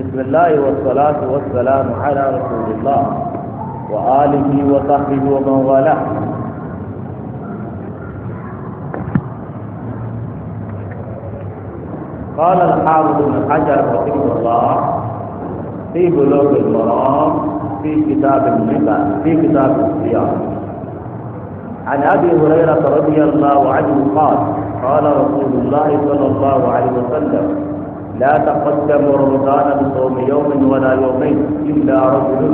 بسم الله والصلاة والسلام على رسول الله وآله وصحبه ومن والاه قال الحافظ بن حجر رحمه الله في بلوغ المرام في كتاب النبا في كتاب الصيام عن ابي هريره رضي الله عنه قال قال رسول الله صلى الله عليه وسلم لا تقدموا رمضان بصوم يوم ولا يومين إلا رجل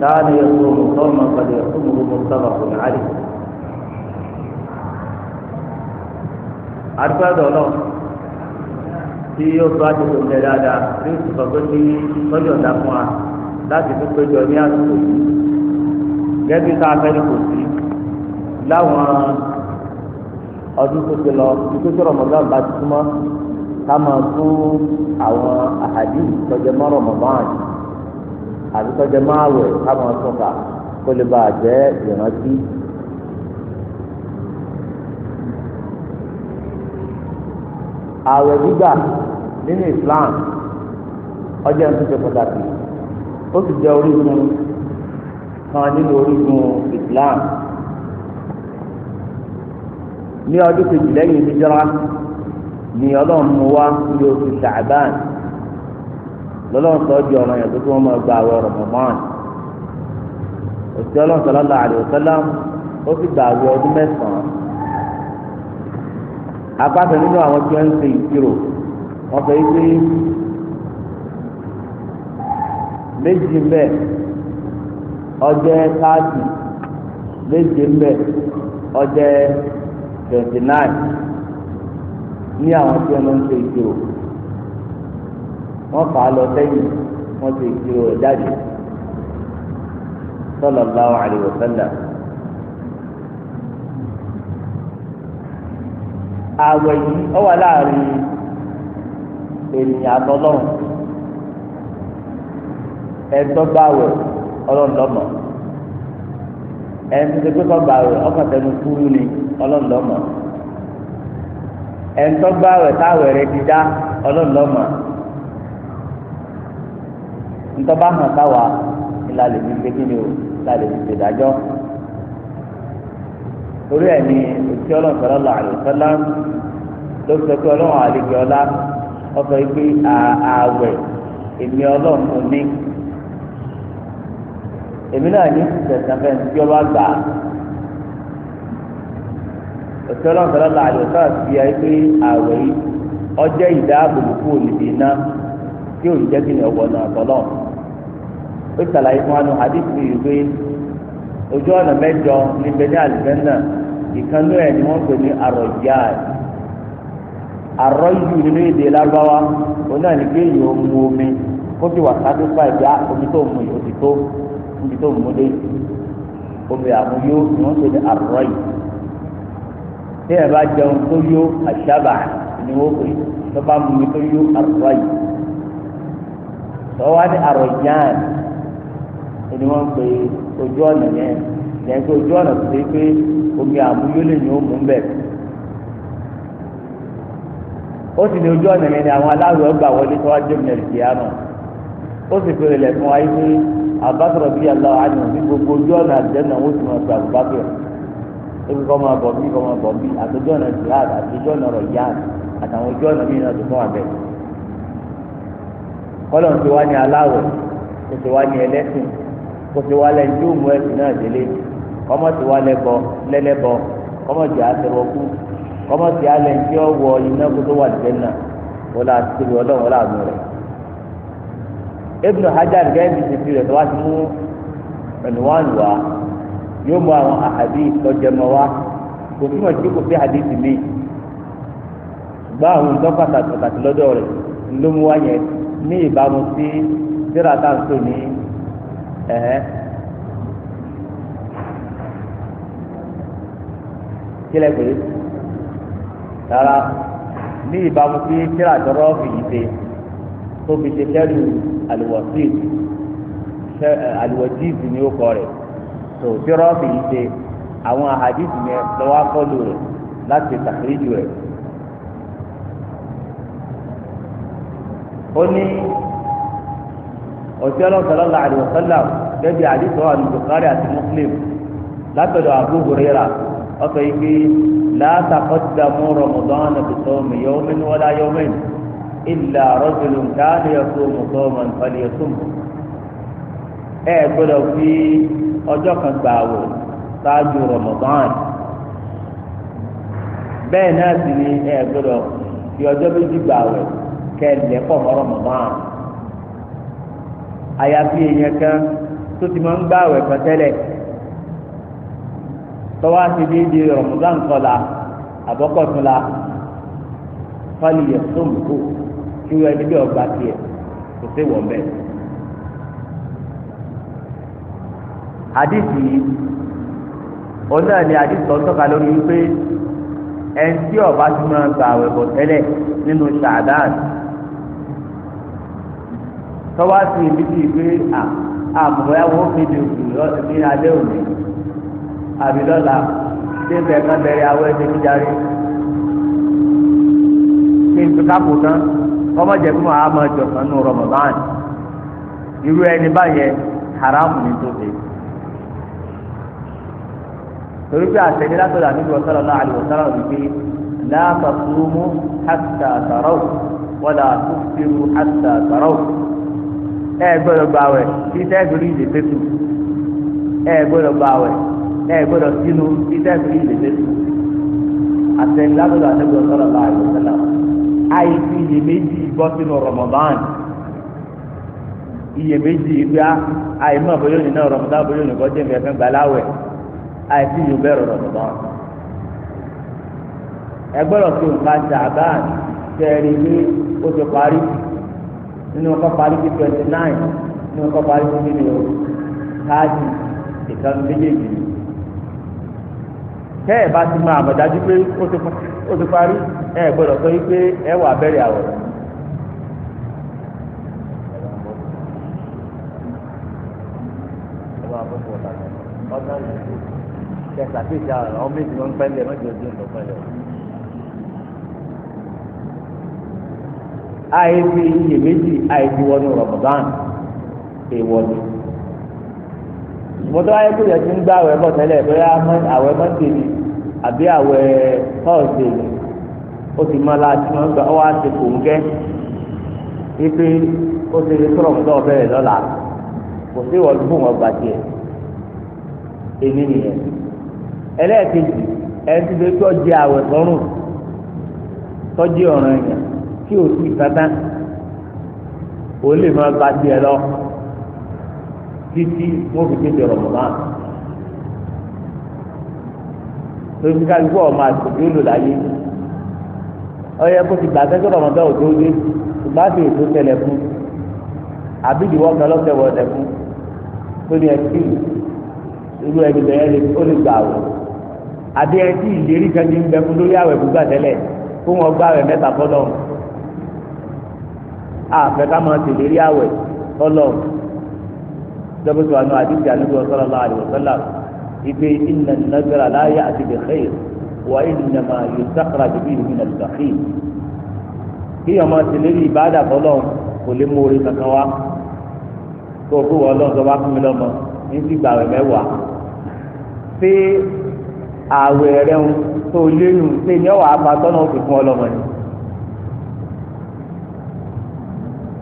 كان يصوم صوما قد يصومه متفق عليه àdúgbò àdọ̀lọ́ tí yóò tó àtúntò tẹ̀ dáadáa tí ó sì sọ pé kí lọ́jọ́ ọ̀dà fún wa láti tó péjọ ní àtúntò yìí gẹ́gẹ́ bí ká kò sí láwọn ọdún tó ti lọ ìpèsè rọ̀mọ́dá bá ti túmọ̀ kama fún àwọn àhàdí tọjẹ mọ́rọ̀ àti tọjẹ máàwẹ̀ ká máa tún kó lè bàa jẹ́ ìrántí. gbígbà nínú Islam ọjọ́ ẹni tó ṣe pàtàkì ó sì jẹ́ orígun kan nínú orígun Islam ní ọdún kejì lẹ́yìn ìjọra. ni ọlọ́run mú wá ní oṣù ṣàbán lọ́lọ́run sọ di ọ̀ràn yẹn tó kí máa gba àwọ̀ Ramadan òsì ọlọ́run sallallahu alaihi ó sì gba ọdún mẹ́sàn-án apáta nínú àwọn tí wọ́n ń ṣe ìṣirò wọ́n fẹ́ pé méjì ń bẹ ọjọ́ ń ọjọ́ twenty ní àwọn tí wọn máa ń ṣe ìṣirò wọn fà á lọ sẹ́yìn wọn ṣe ìṣirò rẹ̀ jáde sallallahu alaihi wasallam. àwẹ̀ yìí ó wà láàrin ènìyàn àtọlọ́run ẹ̀ńtọ́ bá àwẹ̀ ọlọ́ọ̀lọ́mọ̀ ẹ̀ńtọ́ tó gbé kọ́ bá àwẹ̀ ọkàn tẹnu kúrú ni ọlọ́ọ̀lọ́mọ̀. ẹ̀ńtọ́gbà rẹ̀ táwẹ̀ rẹ̀ ti hàn táwa ńlá lè gbé kíni o ńlá lè fi ẹ̀ òtí lọ àlùfẹ́lá ló sọ pé ọlọ́run àlejò ọlá ọkọ̀ yìí ààwẹ̀ èmi ọlọ́run ní èmi náà gbà òtún ọlọ́run tó lọ́la àlè òtún àti bíi ayé pé àwẹ̀ yìí ọjọ́ ìdáàbòbò kú òlùbí iná tí òun jẹ́ kí ni ọ̀wọ́ náà tọ́lọ̀ ó ṣàlàyé fún wa nù àdìsí yìí pé ojú ọ̀nà mẹ́jọ ní ẹ̀ ni wọ́n pè ní àròjà àròjù nínú èdè lárúbáwá òun náà ní kéèyàn ó mu omi kó sì wà ìgbà ah, omi tó mu yìí ó tí ẹ bá jẹun tó yó àṣàbà ni wọ́n pè tó bá mú mi tó yó àrùwá yìí tọ́wádìí àròjàn ni wọ́n pè ojú ọ̀nà yẹn yẹn pé ojú ọ̀nà tó dé pé omi àmúyólè ni ó mú bẹ̀rẹ̀ ó sì ní ojú ọ̀nà yẹn ni àwọn aláwọ̀ ọgbà wọlé tó wá jẹ́ òmìnira ìkìyàmọ̀ ó sì fèrè lẹ̀ fún pé àbákọ̀rọ̀ bíi aláwọ̀ àyàn ní gbogbo ojú ọ̀nà àjẹ́ náà ó sì máa gba àbúbákẹ́ rẹ̀ ebi kọ́ máa bọ̀ bí kọ́ máa bọ̀ bí àtọ́jú ọ̀nà jihad àtọ́jú ọ̀nà ọ̀rọ̀ yíyáàd àtàwọn ojú ọ̀nà mìíràn tó fún abẹ́. kọ́lọ̀ ń ti wá ní aláwẹ̀ kó ti wá ní ẹlẹ́sìn kó ti wá lẹ́yìn tó mú ẹ̀sìn náà délé kọ́mọ́ ti wá lẹ́bọ lẹ́lẹ́bọ kọ́mọ́ ti àtẹ̀wọ́kú kọ́mọ́ ti alẹ́ tí ó wọ iná kó tó wà lẹ́yìn náà wọ́n la ti rí ọlọ́run láàánú rẹ̀. Ibn Hajar gẹ́gẹ́ ti fi rẹ̀ tó wá ti mú ẹ̀nùwánù wá yóò mú àwọn àhàdí ìtọ́jẹmọ wá kò túmọ̀ sí kò sí àdéhùn mi gbọ́ àwọn nǹkan pàtàkì pàtàkì lọ́dọ̀ rẹ̀ ló mú wá yẹn ní ìbámu sí síra tá à ń tò ní ẹ̀hẹ́ kílẹ̀ pé rárá ní ìbámu sí síra tọrọ fìyí ṣe tó fi ṣe kẹrù àlùwọ̀sí àlùwọ̀sí ìsìn ní ó kọ rẹ̀ tó tí rọ́ọ̀bì yìí ṣe àwọn àhàdìsì yẹn lọ́wọ́ akọ́lù rẹ̀ láti tàkìrìjù rẹ̀. ó ní òtí ọlọ́sọ̀lọ́ la àdìwọ̀ sọ́là gẹ́gẹ́ bí àdìsọ́ àwọn Bukhari àti Muslim látọ̀dọ̀ Abu Hurairah ọkọ̀ yìí pé látàkọ́dàmú Ramadan bisawmi yawmin wala yawmin illa rajulun kana yasumu sawman falyasumhu. ẹ gbọdọ fi ọjọ́ kan gbà wò ṣáájú Ramadan bẹ́ẹ̀ náà sì ni ẹ gbọ́dọ̀ fi ọjọ́ méjì gbà wò kẹlẹ pọ mọ àyàfi èèyàn kan tó ti máa ń gbà wò kan tẹ́lẹ̀ tọwọ àti dídí Ramadan kọlá kí ẹni bí ọgbà tiẹ̀ kò sí àdìsí òun náà ni àdìsí tó ń tọ́ka lórí wípé tí ọba ti máa gba àwẹ̀ bọ̀ tẹ́lẹ̀ nínú ṣàdán tọ́wá sí ibi tí ìgbé àmọ̀yáwó fìdí òkú ní alẹ́ òní àbí lọ́la kan bẹ̀rẹ̀ àwẹ̀ ẹ̀ṣẹ̀ kíjáre kí n fi kápò tán kọ́mọ̀ jẹ́ fún àmọ́ ìjọ̀kan nù irú ẹni báyẹn haramu tó torí pé àtẹ̀lé látọ̀dọ̀ àbí wọ́sálà náà àlè wọ́sálà rẹ̀ pé láàpá súnmú hàtà sàrọ̀ wọ́dà túfìrù hàtà sàrọ̀ ẹ gbọ́dọ̀ gba àwẹ̀ kí sẹ́ẹ̀kìrì ìdè fẹ́tù ẹ gbọ́dọ̀ gba àwẹ̀ ẹ gbọ́dọ̀ sínú kí sẹ́ẹ̀kìrì ìdè fẹ́tù àtẹ̀lé látọ̀dọ̀ àbí wọ́sálà náà àlè wọ́sálà àìsí iyèméjì bọ́ sínú Ramadan iyèméjì gbá àìmọ̀ bóyá òní náà Ramadan bóyá òní kọ́ àìsí yóò bẹ̀rẹ̀ rọ̀mọ̀dán ẹ gbọ́dọ̀ fi nǹkan ṣàbáàn kẹrì ní oṣù parí nínú ọkọ̀ parí sí twenty nine nínú ọkọ̀ parí sí nínú káàdì ìkànnì méjèèjì bá ti máa pé parí ẹ gbọ́dọ̀ sọ wípé ẹ kẹsà sí ìjà ọ̀rọ̀ ọmọ èdè wọn pẹ́lẹ̀ mọ́jọ ojú ìlú pẹ́lẹ̀. àìsí iyèméjì àìsí wọnú rọ̀bọ̀dán èèwọ̀ ni. mọ́tò ayé kò yẹ kí ń gbá àwẹ̀ bọ̀ tẹ́lẹ̀ bóyá àwẹ̀ mọ́tò ni àbí àwẹ̀ tọ́ọ̀sì ni ó ti máa láti máa ń gba ọwọ́ àti kòńgẹ́ ipe ó ti rí tọ́rọ̀ mọ́tò ọ̀bẹ̀rẹ̀ lọ́la kò sí ìwọ̀n fún ọgbà tiẹ̀ èmi nìyẹn ẹlẹ́ẹ̀kejì ẹni tó tó jẹ àwẹ̀ sọ́rùn tọ́jú ọ̀ràn yẹn kí o sì kátá o lè máa gba tiẹ̀ lọ títí wọ́n fi kéde ọ̀rọ̀ mọ́ torí kálukú ọ̀ máa tòjú ó lò láyé ọyẹ kó ti gbàgbé tó rọmọdé òjò dé ìgbà tó èso tẹlẹ fún àbí ìdíwọ́ kan lọ́tẹ̀wọ̀ tẹ̀ fún tó ní ẹtí irú ẹni bẹ̀rẹ̀ ó lè gbà wọ́n àbí ẹ tí ìlérí kan ti ń bẹ fún lórí àwẹ̀ gbogbo àtẹ́lẹ̀ kó wọn gbá àwẹ̀ mẹ́ta fọlọ́ àfẹ́ ká máa tèlérí àwẹ̀ fọlọ́ dọ́bùsù àná àdìsí àlùkò sallallahu alaihi wasallam ìpè inna an-nazra la ya'ti bi khair wa innama yustakhraju bihi min al-bakhil kí ọmọ tèlérí ìbáàdà fọlọ́ kò lè mú kankan wá kó àwẹ̀ rẹ̀ ń tó léyìn pé ní ọ̀wà apatọ́nà ó fi fún ọlọ́mọ ni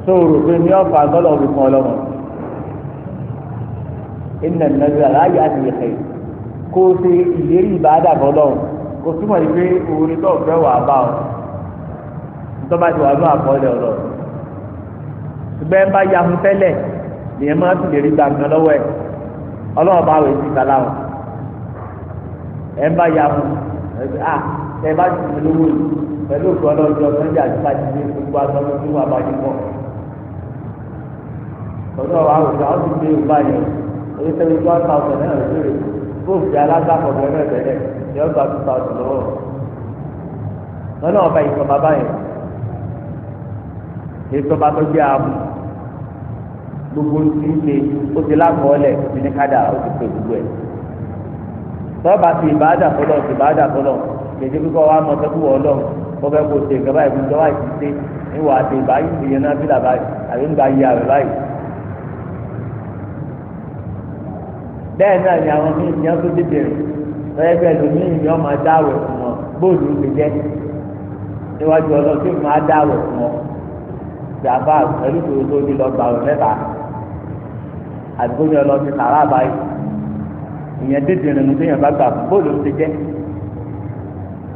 tó rò pé ní ọ̀fà tọ́nà ó fi fún ọlọ́mọ ìnà nàìjíríà láàyè àti ìyẹ̀fẹ̀ kó o ṣe ìlérí ìbáadà bọ́lọ́hùn kò túmọ̀ yìí pé orin tó fẹ́ wà bá ọ ntọ́ba ti wà ní àkọọ́lẹ̀ ọ̀rọ̀ ṣùgbọ́n ẹ bá ya tẹ́lẹ̀ ìyẹn máa tún lè rí gbàngán lọ́wọ́ ẹ̀ ọlọ́ọ̀bá wẹ̀ sí ìgbàláwọ̀ ẹ bá ya mu ẹ bí a ẹ bá ah, ti mi lówó yìí pẹ̀lú òkú ọlọ́jọ́ sọ́jà àti pàtí ní gbogbo agbọ́dọ̀ tó wà báyìí pọ̀ ọ̀dọ́ àwùjọ àwọn ti gbé yorùbá yẹn orí sẹ́yìn tó one thousand náà lè rè fóònù fi alágbàpọ̀ bẹ́ẹ̀ náà bẹ̀rẹ̀ ní ọgbà two thousand lọ́wọ́ lọ́nà ọba ìsọ̀ba báyẹn ìsọ̀ba tó gbé ààbò gbogbo ti ń ṣe ó ti lákọ̀ọ́lẹ̀ ó ti ní kádà ó ti pè gbogbo ẹ̀. tọ́ba ti ìbáàdà fọlọ́ ti ìbáàdà fọlọ́ kèké kíkọ́ wa mọ sẹ́kù lọ ṣe ìkẹ́ báyìí fún tọ́wá ti yẹn náà báyìí àbí báyìí. bẹ́ẹ̀ náà ni àwọn míì ní ti lọ́yẹ́ bẹ́ẹ̀ ló ní ìyọ́ máa fún wọn bóòlù ń gbẹjẹ́ níwájú fún ìyẹn dédé ìrìnnú tó yẹn bá gbà bóòlù ti jẹ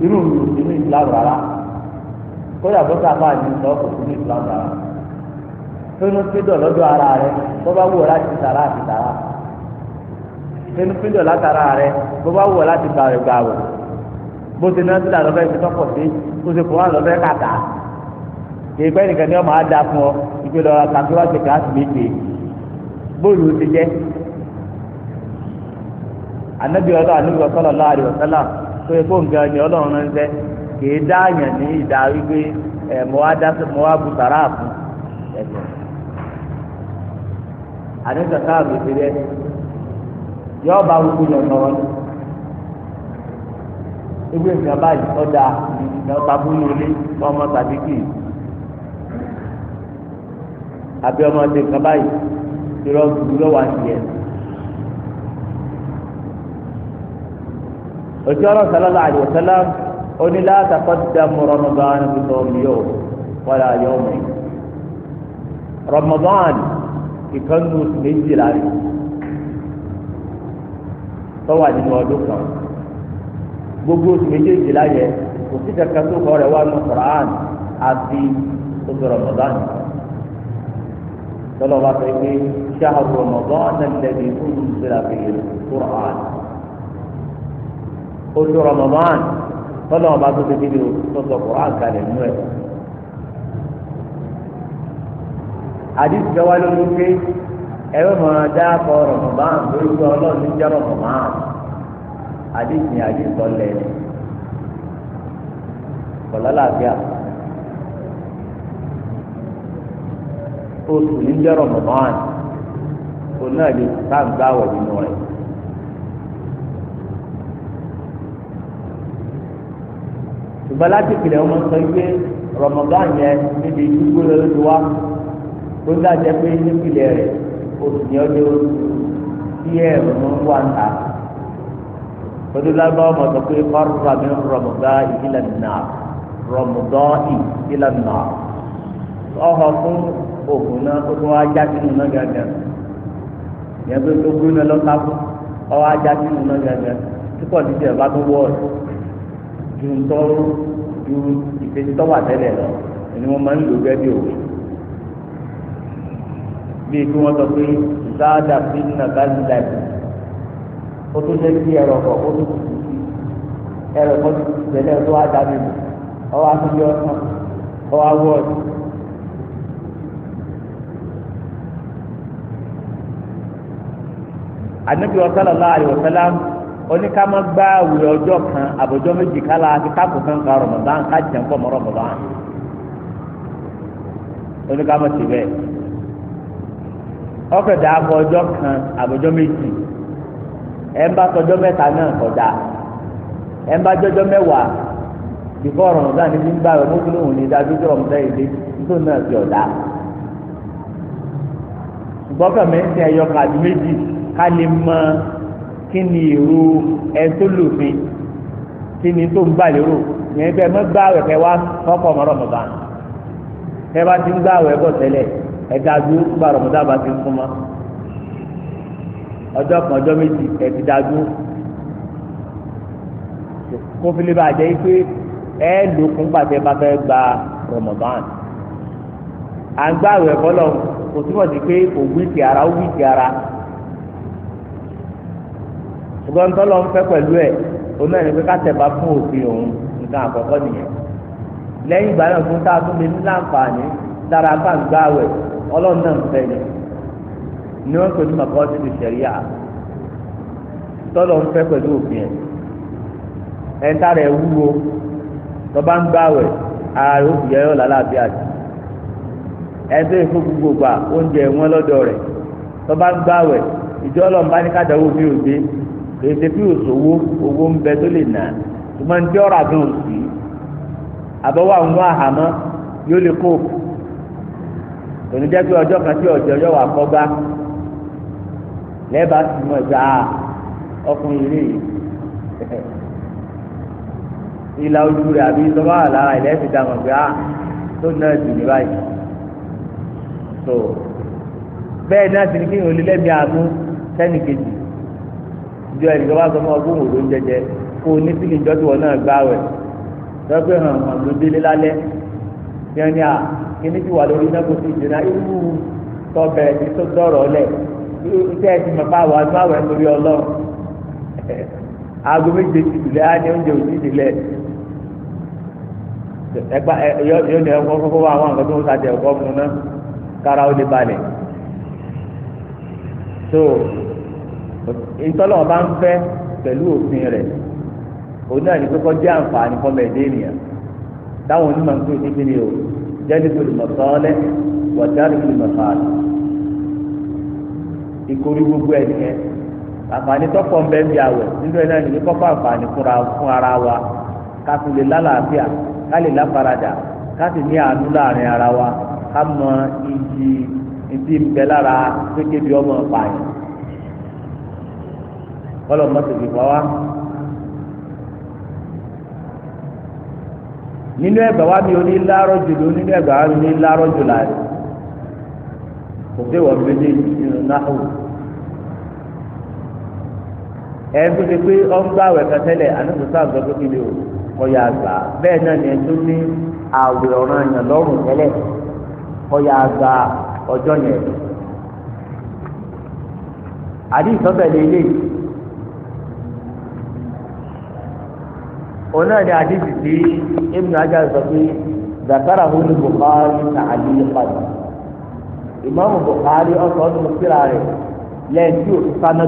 irú ìlú inú ìsìlámù rárá kódà bó sábà ní sọ kò sí ní ìsìlámù rárá fínú fídọ̀ lọ́dọ̀ ara rẹ bó bá wù ọ́ láti sàrà àti sàrà fínú fídọ̀ látara rẹ bó bá wù ọ́ láti gbàwẹ̀ gbàwẹ̀ bó ti náà sílà lọ́fẹ́ ti tọ́pọ̀ sí kó ti fún wa lọ́fẹ́ kàkà ìgbẹ́ nìkan ni wọ́n máa da fún ọ ìgbẹ́ lọ́ra kàkí wá ti kàá sì méje bóòlù ti jẹ́ anabi ọlọ́run anabi sallallahu alaihi wasallam tó yẹ kó nǹkan ni ọlọ́run rán ṣẹ́ kìí dáàyàn ní ìdá wípé ẹ̀ mọ́ wá dá mọ́ wá bu sàrà fún ẹ̀sẹ̀. àdéhùn káàbù ti rẹ yọ bá wípé yọ sọ̀rọ̀ ni ewé nǹkan báyìí ọ̀dà ìdíjọba búlù ilé ọmọ tàbí kì í àbí ọmọ ti nǹkan báyìí ìrọ̀ gbùdúrọ̀ wá sí ẹ̀. òtí ọlọ́run sálọ́lá àdìọ́sálá onílá àtàkọ́tà mú rọmọdán fi tó mi yóò wọlé ayé ọmọ yìí rọmọdán ìkànnù méjìlá rẹ tọ́wà nínú ọdún kan gbogbo oṣù méjèèjìlá yẹ kò sí kankan tó kọ́ rẹ̀ wá nù Qur'an àti oṣù rọmọdán tọ́lọ́ wa pé ṣáà rọmọdán náà lẹ́bi fún ìṣẹ̀lẹ̀ àfihàn Qur'an oṣù Ramadan tọ́lọ́ ọba tó ti dídì tó sọ kó àǹkalẹ̀ nínú ẹ̀. àdìsí bẹ́ẹ̀ wá lórí pé ẹ̀rọ máa dá akọ Ramadan lórí pé ọlọ́run ní jẹ́ Ramadan àdìsí ni àdìsí tọ́lẹ̀ ni kọ̀lá làbíà oṣù ní jẹ́ Ramadan onáà lè sáà ń nínú rẹ̀. ṣùgbọ́n láti ìpìlẹ̀ wọn sọ pé Ramadan yẹn níbi ìdúgbò lọ́dún wa tó ń dájẹ́ pé nípìlẹ̀ rẹ̀ oṣù ní ọdún tí ẹ̀rù ń wà ń ta pẹ̀lú lágbàá ọmọ sọ pé fárúfà mi ń Ramadan ìdílé náà Ramadan ìdílé náà ọ̀họ̀ fún òkun náà ó tún wá já sínú náà gàgàn yẹn tó tó gbóná lọ́ka fún ọ̀họ̀ ajá sínú náà gàgàn tí kò ní tẹ̀ bá tó wọ̀ ọ́ ju ntọ́rú ju ìfẹsítọ́wà tẹ́lẹ̀ lọ ni wọ́n máa ń lò gẹ́gẹ́ bí òwe bíi kí wọ́n sọ pé záàdà fi nàgá lílà yìí ó tún lé sí ẹ̀rọ ọkọ̀ ó tún kù sí ẹ̀rọ ọkọ̀ tó ti tẹ̀lé ọdún wá dábì lò ọwọ́ akíndé ọ̀sán ọwọ́ awọ́ọ̀dù. Ànábì sallallahu alaihi wasallam. oníkàmọ́ gba àwùrọ̀ ọjọ́ kan àbọ̀jọ́ méjì kálá àti kan ka rọ̀mọ̀dán ká jẹun pọ̀ mọ́ rọ̀mọ̀dán oníkàmọ́ ti bẹ́ẹ̀ ọkọ̀ dà á ọjọ́ kan àbọ̀jọ́ méjì ẹ̀ ń bá tọjọ́ mẹ́ta náà kọjá ẹ̀ ń bá jọjọ́ mẹ́wàá bá rẹ̀ ní tó yìí kí ni èrò ẹtólùfin kí ni tó ń gbà lérò yẹn bẹ́ẹ̀ mọ́ gbà wẹ̀ kẹ́ wá kọ́kọ́ ọmọ rọ̀mọ̀dá ẹ bá ti ń gbà wẹ̀ bọ̀ tẹ́lẹ̀ ẹ̀dá dúró gbà rọ̀mọ̀dá bá ti ń fún ma ọjọ́ kan ọjọ́ méjì ẹ̀ ti dá dúró kó fi lè bá jẹ́ pé ẹ lókun pàṣẹ bá fẹ́ gba rọ̀mọ̀dá à ń gbà wẹ̀ kọ́lọ̀ kò túbọ̀ sí pé òwú ìkì ara ó wí ara. ṣùgbọ́n tọ́lọ́ ń fẹ́ pẹ̀lú ẹ̀ òun náà ní pé kátẹ̀bá fún òfin òun nǹkan àkọ́kọ́ nìyẹn lẹ́yìn ìgbà náà fún táà tún lè ní láǹfààní dára bá ń gbá wẹ̀ ọlọ́run náà ń fẹ́ ni ni wọ́n pè ní mọ̀kọ́sí ti ṣẹ̀ríyà tọ́lọ́ ń fẹ́ ara rẹ̀ ó fi gbogbo oúnjẹ wọn lọ́dọ̀ rẹ̀ ń gbá wẹ̀ ìjọ́ ọlọ́run bá ní èsì bí òṣòwò owó ń bẹ tó lè nà ṣùgbọ́n tí ọ̀rọ̀ àgbọn ò sí àbọ̀wọ́ àwọn ọmọ àhámọ́ yóò lè kó òní jẹ́ pé ọjọ́ kan tí ọ̀jọ́ yọ̀ wà kọ́gbá lẹ́ẹ̀bá sì mọ̀ ìgbà ah, ọkùnrin rè é ìlà ojú rẹ̀ àbí ìtọ́ba lára ilẹ̀ ti pé á ah, tó náà jù ní báyìí tó bẹ́ẹ̀ náà sì ni kí n ò lè lẹ́mìí àánú sẹ́nìkejì jọ ẹnì kan bá sọ fún ọ fún òòlù jẹjẹ kó o ní sílì ìjọ tí wọn náà gbá wẹ lọ́pẹ́ hàn hàn ló délé lálẹ́ tí wọ́n ní à kíní ti wà lórí náà kó ti dènà irú tọ́bẹ̀ ní tó dọ̀rọ̀ lẹ̀ iṣẹ́ ẹ̀ ti mọ̀ fún àwọn lórí ọlọ́run aago méje ti dùlẹ̀ á ní oúnjẹ òsì dìlẹ̀ ẹgbà ẹ ní ẹkọ kókó wà àwọn àgbẹ̀tọ́ sàtẹ̀ ẹ̀kọ́ fún náà kára ó lè balẹ̀ so. ịtọla bá ń fẹ́ pẹ̀lú òfin rẹ̀ òun náà ní kókó jẹ́ àǹfààní fọmọ ẹ̀dẹ́ ènìyàn táwọn onímọ̀ ń pè ní kíni o jẹ́nìkò lè mọ̀ sọ́ọ́lẹ́ wọ̀dárì lè mọ̀ gbogbo ẹ̀ nìyẹn àǹfààní tọ́pọ̀ ń bẹ́ẹ̀ bí awẹ̀ nínú ẹ̀ náà ní kókó àǹfààní fún ara wa ká tún lè lálàáfíà ká lè ká sì ní àánú láàrin ara wa ká mọ ìdí ń bẹ lára kọ́lọ̀ mọ́tò fi fọ́ wa. nínú ẹgbà wa mi ò ní jù lọ nínú ẹgbà wa mi ní láàárọ̀ jù láàyè kò sí ìwọ méjì nínú náà ẹ ọ o kọyà àgbà bẹ́ẹ̀ náà ni ẹ tún ní àwẹ̀ ọ̀ràn òun náà ni àdìsí tí Ibn Hajar sọ pé zakara hul Bukhari tààlí padà Imam Bukhari ọ̀sán ọdún síra rẹ̀ lẹ́yìn tí òfin sáná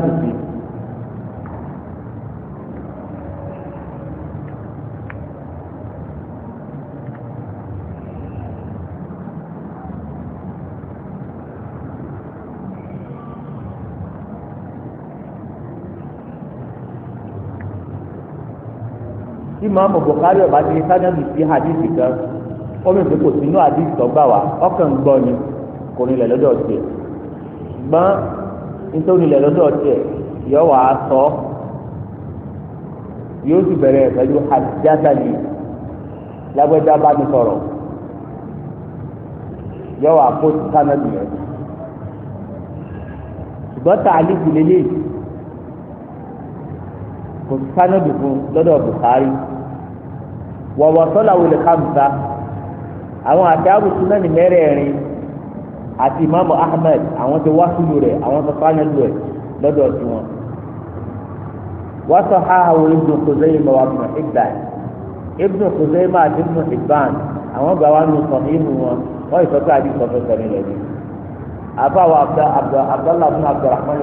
tí màmú Bukhari ọba ti sádẹ́mù sí hadith kan ó mẹ́fẹ́ kò sínú hadith tó gbà wá ọkàn gbọ́ ni kò nílẹ̀ lọ́dọ̀ tiẹ̀ gbọ́n nítorí nílẹ̀ lọ́dọ̀ tiẹ̀ yọ wà á sọ yóò sì bẹ̀rẹ̀ pẹ̀lú haddatani lágbẹ́dá bá mi sọ̀rọ̀ yọ wà á kó sádẹ́mù yẹn ṣùgbọ́n tààlí kù lélẹ́yìí kò sánà dùkú lọ́dọ̀ Bukhari wọ̀wọ̀ sọ́là wọlé kàmsa àwọn àtàwọn sunani mẹ́rẹ̀ẹ̀rin àti imaamu ahmed àwọn tó wáṣúlù rẹ̀ àwọn tó fánẹ́lù rẹ̀ lọ́dọ̀ tí wọn. wọ́n sọ ha àwọn ibnu kuzayma wa ibnu hibban ibnu kuzayma àti ibnu hibban àwọn gba wa nù sọ̀rọ̀ ìmú wọn wọ́n yìí sọ́kọ́ àbí sọ́kọ́ sọ̀rọ̀ ni. àbá wa abdallah bin abdulrahman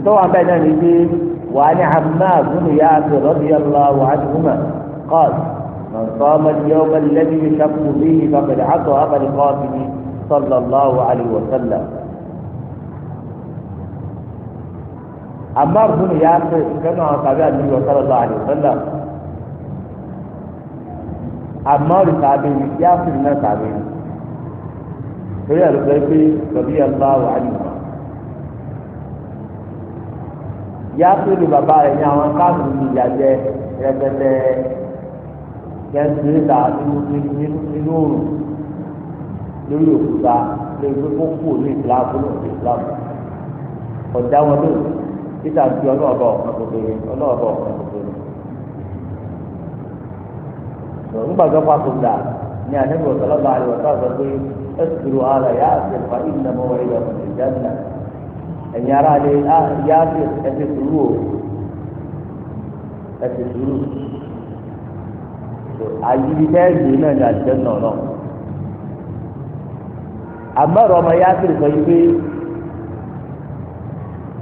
ntọ́wọ́ abẹ́ náà ní pé wàá ní Ammar bin Yasir radiyallahu anhuma qal man sama al-yawma alladhi yushaqqu fihi faqad ata abal qasim sallallahu alayhi wa sallam. Ammar bin Yasir kanu àwọn tàbí àdúgbò sallallahu alayhi wa sallam. Ammar tàbí Yasir náà tàbí. torí àlùfẹ́ pé rọ̀bí àlùfáà wà á nìyẹn. ìyá tó lu bàbá rẹ̀ ní àwọn káàdù ti ìyá jẹ rẹpẹtẹ gẹ́gẹ́rẹ́ta nínú òrùn lórí òkúta lórí pé kó kú ní ìsìláàmù lórí wọn lórí títà di ọlọ́ọ̀bọ̀ ọ̀kan kékeré ọlọ́ọ̀bọ̀ ọ̀kan kékeré. nígbàgbọ́ pàtòkìlà ni àdébò sọlọ́ba àríwọ̀sá pé ẹ̀sùn ìrò ara yà á ṣe fà ìdìnnà mọ́wọ́ ẹ̀yọ̀ ẹ̀yin ara lè á ah, yá sí ẹsẹ̀ sùúrù o ẹsẹ̀ sùúrù àyíbi tẹ́ẹ̀dì náà ní àjẹ́ nọ̀nà àmọ́rọ̀ ọmọ yá sí sọ yìí pé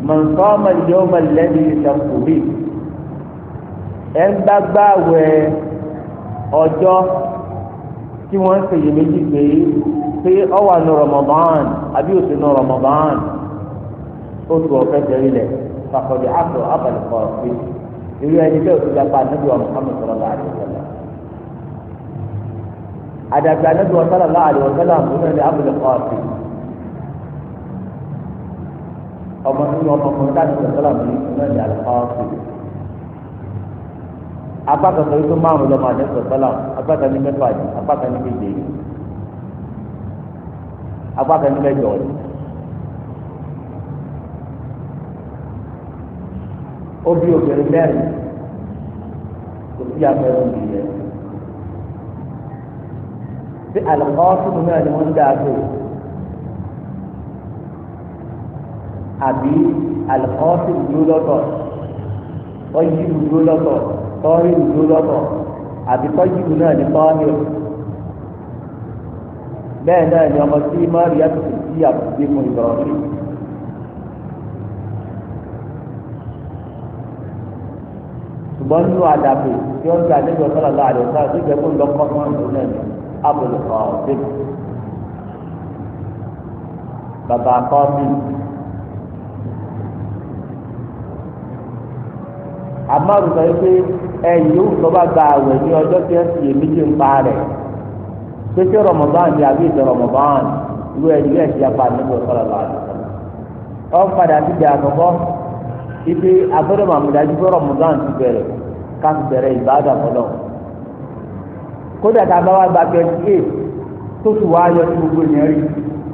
mọ̀nsọ́mọ̀ yóò mọ̀ lẹ́nu ìṣàkùnrin ẹ̀ ń gbàgbà wẹ̀ ọjọ́ tí wọ́n ń ṣèyí méjì pé pé ọwà nù Ramadan àbí òsì nù Ramadan ó tu ọ̀fẹ́ tẹ̀rí lẹ̀ fàkọ̀dé àtọ̀ abàlẹ̀ kọ̀ ọ̀fẹ́ irú ẹni bẹ́ẹ̀ òtún yapa níbi ọ̀mù kọ́mù sọ̀rọ̀ láàrin ọ̀sẹ̀lẹ̀ àdàgbà níbi ọ̀sẹ̀lẹ̀ láàrin ọ̀sẹ̀lẹ̀ àmúlẹ̀ ní abàlẹ̀ kọ̀ ọ̀fẹ́ ọmọ nínú ọmọ kan láti ọ̀sẹ̀lẹ̀ àmúlẹ̀ ní abàlẹ̀ kọ̀ ọ̀fẹ́ apákan sọ wípé ó bí obìnrin mẹ́rin kò sí afẹ́rẹ́ òbí yẹn. Bí àlùkọ́sùn náà ni wọ́n ń dáa tó àbí àlùkọ́sùn dúró lọ́tọ̀ ọyí dúró lọ́tọ̀ tọ́rí dúró lọ́tọ̀ àbí tọ́jú náà ni tọ́rí o. Bẹ́ẹ̀ náà ni ọmọ sí mọ́rí yàtọ̀ sí àbúgbé fún fún mi. ṣùgbọ́n àdàpè tí wọ́n ti àdéjọ sọ́lá lọ àdéjọ tó jẹ́ kó lọ́kọ́ fún ọ̀hún náà ní abúlé ọ̀ọ́dún. bàbá kọ́ọ̀bì àmọ́rù sọ pé ẹ̀yìn yóò sọ bá gba àwẹ̀ ní ọjọ́ tí ẹ sì yé méjì ń pa rẹ̀ ni àbí ẹ̀yìn ẹ̀ṣẹ̀ apá padà ipe abẹ́rẹ́ màmúdájú pé Ramadan ti bẹ̀rẹ̀ ká ti bẹ̀rẹ̀ ìbáàdà fọlọ́ kódà tá a bá wá gba twenty eight tó sì wá yọ sí gbogbo yẹn rí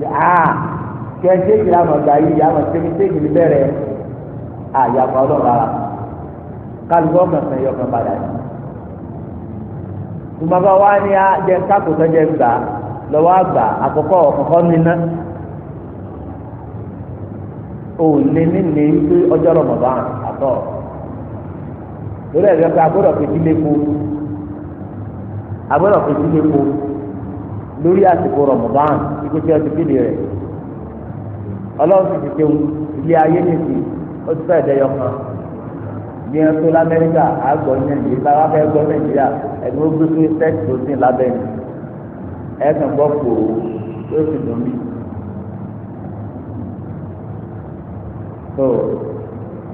aa ah, twenty eight yà máa gbà yìí yà máa tẹ̀lé tẹ̀lé ní bẹ̀rẹ̀ àyàfọ̀ ọlọ́run rárá kálukọ́ kẹsàn yọ kan padà yìí tùmọ̀ bá wá ní a jẹ kákòtọ́ jẹ gbà lọ́wọ́ àgbà àkọ́kọ́ ọ̀kọ́kọ́ nínú. òní níní pé ọjọ́ rọmọdán àtọ̀ lórí ẹ̀rọ pé agbọ́dọ̀ fetí lépo agbọ́dọ̀ fetí lépo lórí àsìkò rọmọdán ikú tí wọ́n ti fi rẹ̀ ọlọ́run ti ti tẹun ilé ayé nìsí ó ti fẹ́ẹ̀ dẹyọ kan bí wọn lamẹ́ríkà àgbọ̀ nàìjíríà báwa fẹ́ gbọ́ nàìjíríà ẹ̀gbọ́n gbé tó gbọ́ tó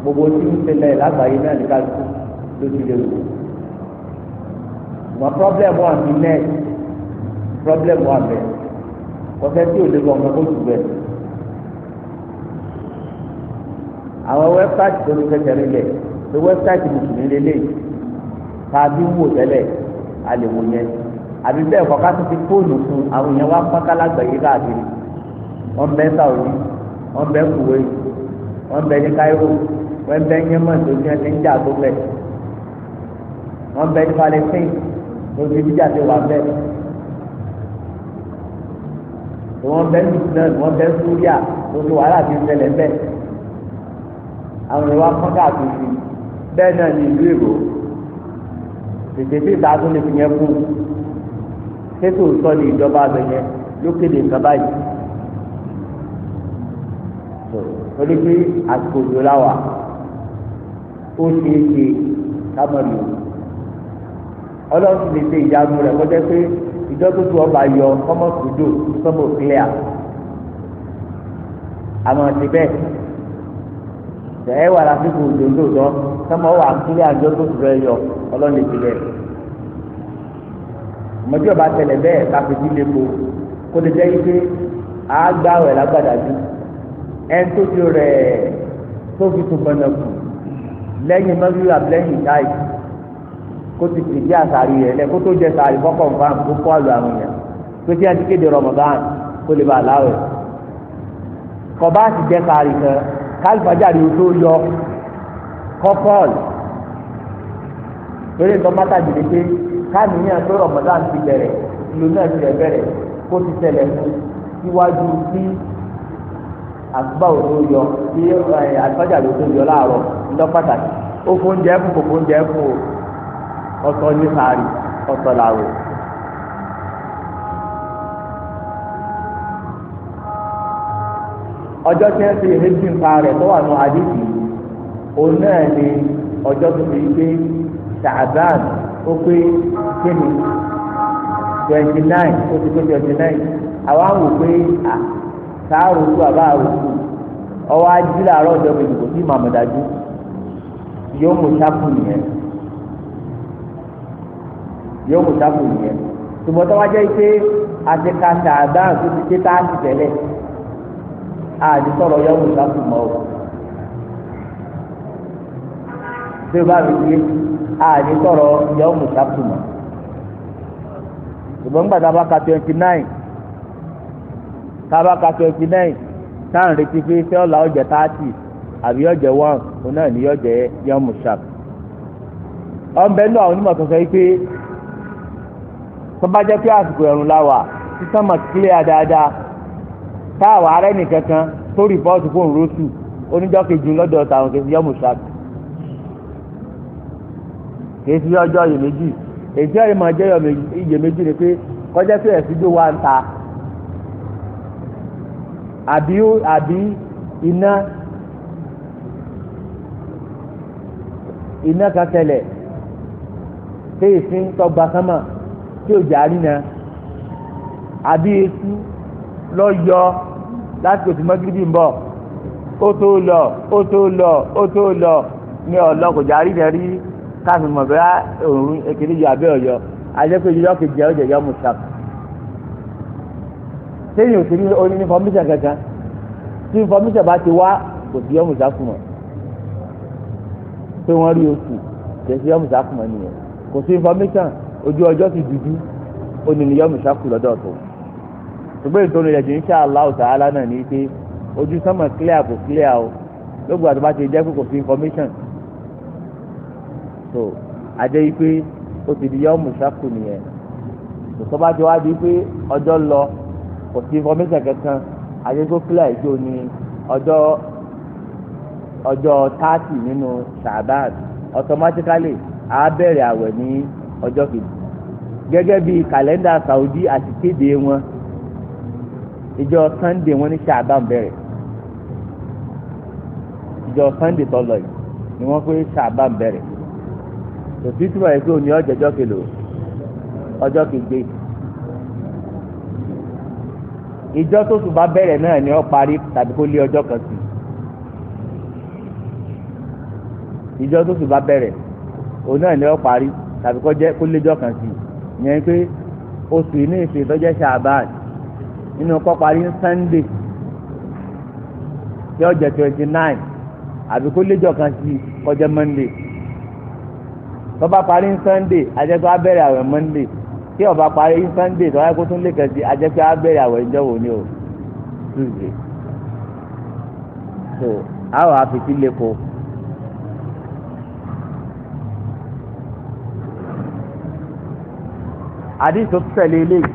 gbogbo tí ń ṣẹlẹ̀ lágbàáyé náà ní kájú ló ti lè wò mọ problem wà mí nẹ problem wà bẹ kọfẹ tí o lè bọ ọmọ kó tù bẹ àwọn wẹbsáìtì tó ti fẹsẹ̀ rinlẹ̀ pé wẹbsáìtì mùsùlùmí lélẹ̀ tàbí wò tẹ́lẹ̀ a lè wò yẹn àbí bẹ́ẹ̀ kọ́ ká ti fi fóònù fún àwọn èèyàn wá pákálá gbẹ̀yẹ káàkiri wọ́n bẹ́ẹ̀ sàwọ́dí wọ́n bẹ́ẹ̀ kúwèé wọ́n bẹ ní Cairo wọ́n bẹ ní Yemen tó ti ẹni ń jà tó bẹ̀ wọ́n bẹ ní Palestine tó ti jíjà tó wà bẹ̀ wọ́n bẹ ní Sudan wọ́n bẹ ní Syria tó ti wàhálà ti ṣẹlẹ̀ bẹ̀ àwọn ìwà kan káàkiri bẹ́ẹ̀ náà ní ìlú Èkó tètè tí ìta tó lè fi yẹn kú tètè òótọ́ ní ìjọba abẹ yẹn ló kéde nǹkan báyìí torí pé àsìkò òjò láwà ó ṣeé ṣe kámọ́rì o ọlọ́run ti lè ṣe ìyanu rẹ̀ kọjá pé ìjọ tó tu ọba yọ kọ́mọ kùdò sọ́mọ kílíà àmọ́ ti bẹ́ẹ̀ tẹ̀ẹ́ wà lásìkò òjò lóòótọ́ sọ́mọ wà kílíà ìjọ tó tu rẹ̀ yọ ọlọ́run lè ti bẹ́ẹ̀ mọ̀jọ́ bá bẹ́ẹ̀ káfíńtì lè po kó lè jẹ́ ike àágbáwẹ̀ lágbàdàdú ẹntójú rẹ̀ tó fi tó bọ̀nàkù lẹ́yìn mọ́bílù àbílẹ́yìn táì kó ti fìdí àsàrí rẹ̀ lẹ́ kó tó jẹ sàrí fọ́kàn fún àwọn kókó àlọ́ àwọn èèyàn tó ti àti kéde Ramadan kó lè bá a láwẹ̀ kọba ti jẹ sàrí kan kálífàjáde o tó yọ kọ́kọ́ọ̀lù torí nǹkan mátà jìnnì pé káàmìyàn tó Ramadan ti bẹ̀rẹ̀ ìlú náà ti rẹ̀ bẹ̀rẹ̀ kó ti tẹ̀lẹ̀ fún síwájú sí. àgbà ò tó yọ tí àtọ́jà ló tó yọ rọ ńlọ pàtàkì ó fún oúnjẹ fún oúnjẹ fún o ní sàárì ọ̀tọ̀ làwẹ̀. ọjọ́ tí wọ́n fi èéjì ń pa rẹ̀ tó wà nù àdìsí òun náà ni ọjọ́ tó ti twenty nine àwa wò pé ta tó àbá àròkù ọwọ́ ají làárọ̀ ọjọ́ kejì kò sí màmúdájú yóò mú sáfù nìyẹn yóò mú sáfù nìyẹn tòmọ́tò wá jẹ́ pé ka tó ti a àti sọ̀rọ̀ yóò mú sáfù mọ́ o bí o bá yé àti sọ̀rọ̀ tába ka twenty nine táà ń retí pé ṣé ọ̀la ọ̀jẹ̀ thirty àbí ọ̀jẹ̀ one òun náà ní ọ̀jẹ̀ yọmù sharp. ọ̀nbẹ náà àwọn onímọ̀ tuntun yìí pé tó bá jẹ́ pé àsìkò ẹ̀rùn la wà sísán mọ̀ clear dáadáa táàwọ̀ arẹ́ nìkan kan tó rìpọ́ọ̀tù fóun rótù oníjọ́ kejì lọ́dọ̀ tàwọn kejì yọmù sharp. kejì ọjọ́ iyèméjì èyí tí ọ̀yẹ́mọ̀ jẹ́ iyèméjì ni pé kọjá sí ẹ̀sìn tó wà ń ta àbí àbí iná iná kan ṣẹlẹ̀ tí èéfín tọgbà sánmà tí ò jà rí na àbí etí lọ yọ láti òtún mọ́gídì ń bọ̀ ó tó lọ ó tó lọ ó tó lọ ní ọ̀lọ́ kò jà rí na rí káfíńmọ̀ bẹ́ẹ̀ òórùn èkéde yọ abẹ́ ọ̀yọ́ ajẹ́pẹ́ yọ kejì ọ̀jẹ̀ yọ mùsàkù sẹ́yìn òsì ní oní information kankan tí information bá ti wá kò sí ọmọ ìsákùmọ̀ pé wọ́n rí oṣù kò sí ọmọ ìsákùmọ̀ nìyẹn kò sí information ojú ọjọ́ ti dúdú oní ni yọmọ ìsákùmọ̀ lọ́dọ̀ tó ṣùgbọ́n ìtòrò ìrẹ̀jì ní sàlá ọ̀tà alá náà ní pé ojú sánmọ̀ clear kò clear o lóògùn àti bá ti jẹ́ pé kò sí information so adé yìí pé ó ti di yọmọ ìsákùmọ̀ nìyẹn tòtọ́ bá ti wá di pé ọjọ́ lọ kò sí information kankan àdégbòkílà ìjọ ni ọjọ́ ọjọ́ thirty nínú Sha'ban automatically á bẹ̀rẹ̀ àwẹ̀ ní ọjọ́ kejì gẹ́gẹ́ bí kàlẹ́ndà Saudi àti kéde wọn ìjọ Sunday wọn ní Sha'ban bẹ̀rẹ̀ ìjọ Sunday tó lọ yìí ni wọ́n pé Sha'ban bẹ̀rẹ̀ tòtítù ẹ̀ pé òní ọjọ́jọ́ kelo ọjọ́ keje ìjọ tó sùn bá bẹ̀rẹ̀ náà ni ó parí tàbí kó lé ọjọ́ kan sí ìjọ tó sùn bá bẹ̀rẹ̀ òun náà ni ó parí tàbí kó jẹ́ kó lé ọjọ́ kan sí yẹn pé oṣù inú ìfẹ́ ìtọ́jẹ́ ṣàbáàn nínú kó parí Sunday tí ó twenty nine àbí kó lé ọjọ́ kan sí kó jẹ́ Monday tó bá parí Sunday ajẹ́kọ́ á bẹ̀rẹ̀ àwẹ̀ Monday tí ọba parí sunday tó wáyé kó tún lè kẹsì ajẹpẹ abẹrẹ àwẹ̀ ìjọwò ni o tuesday so àwọn àfitì lẹkọọ. àdìsí tó tẹ̀lé ilé yìí.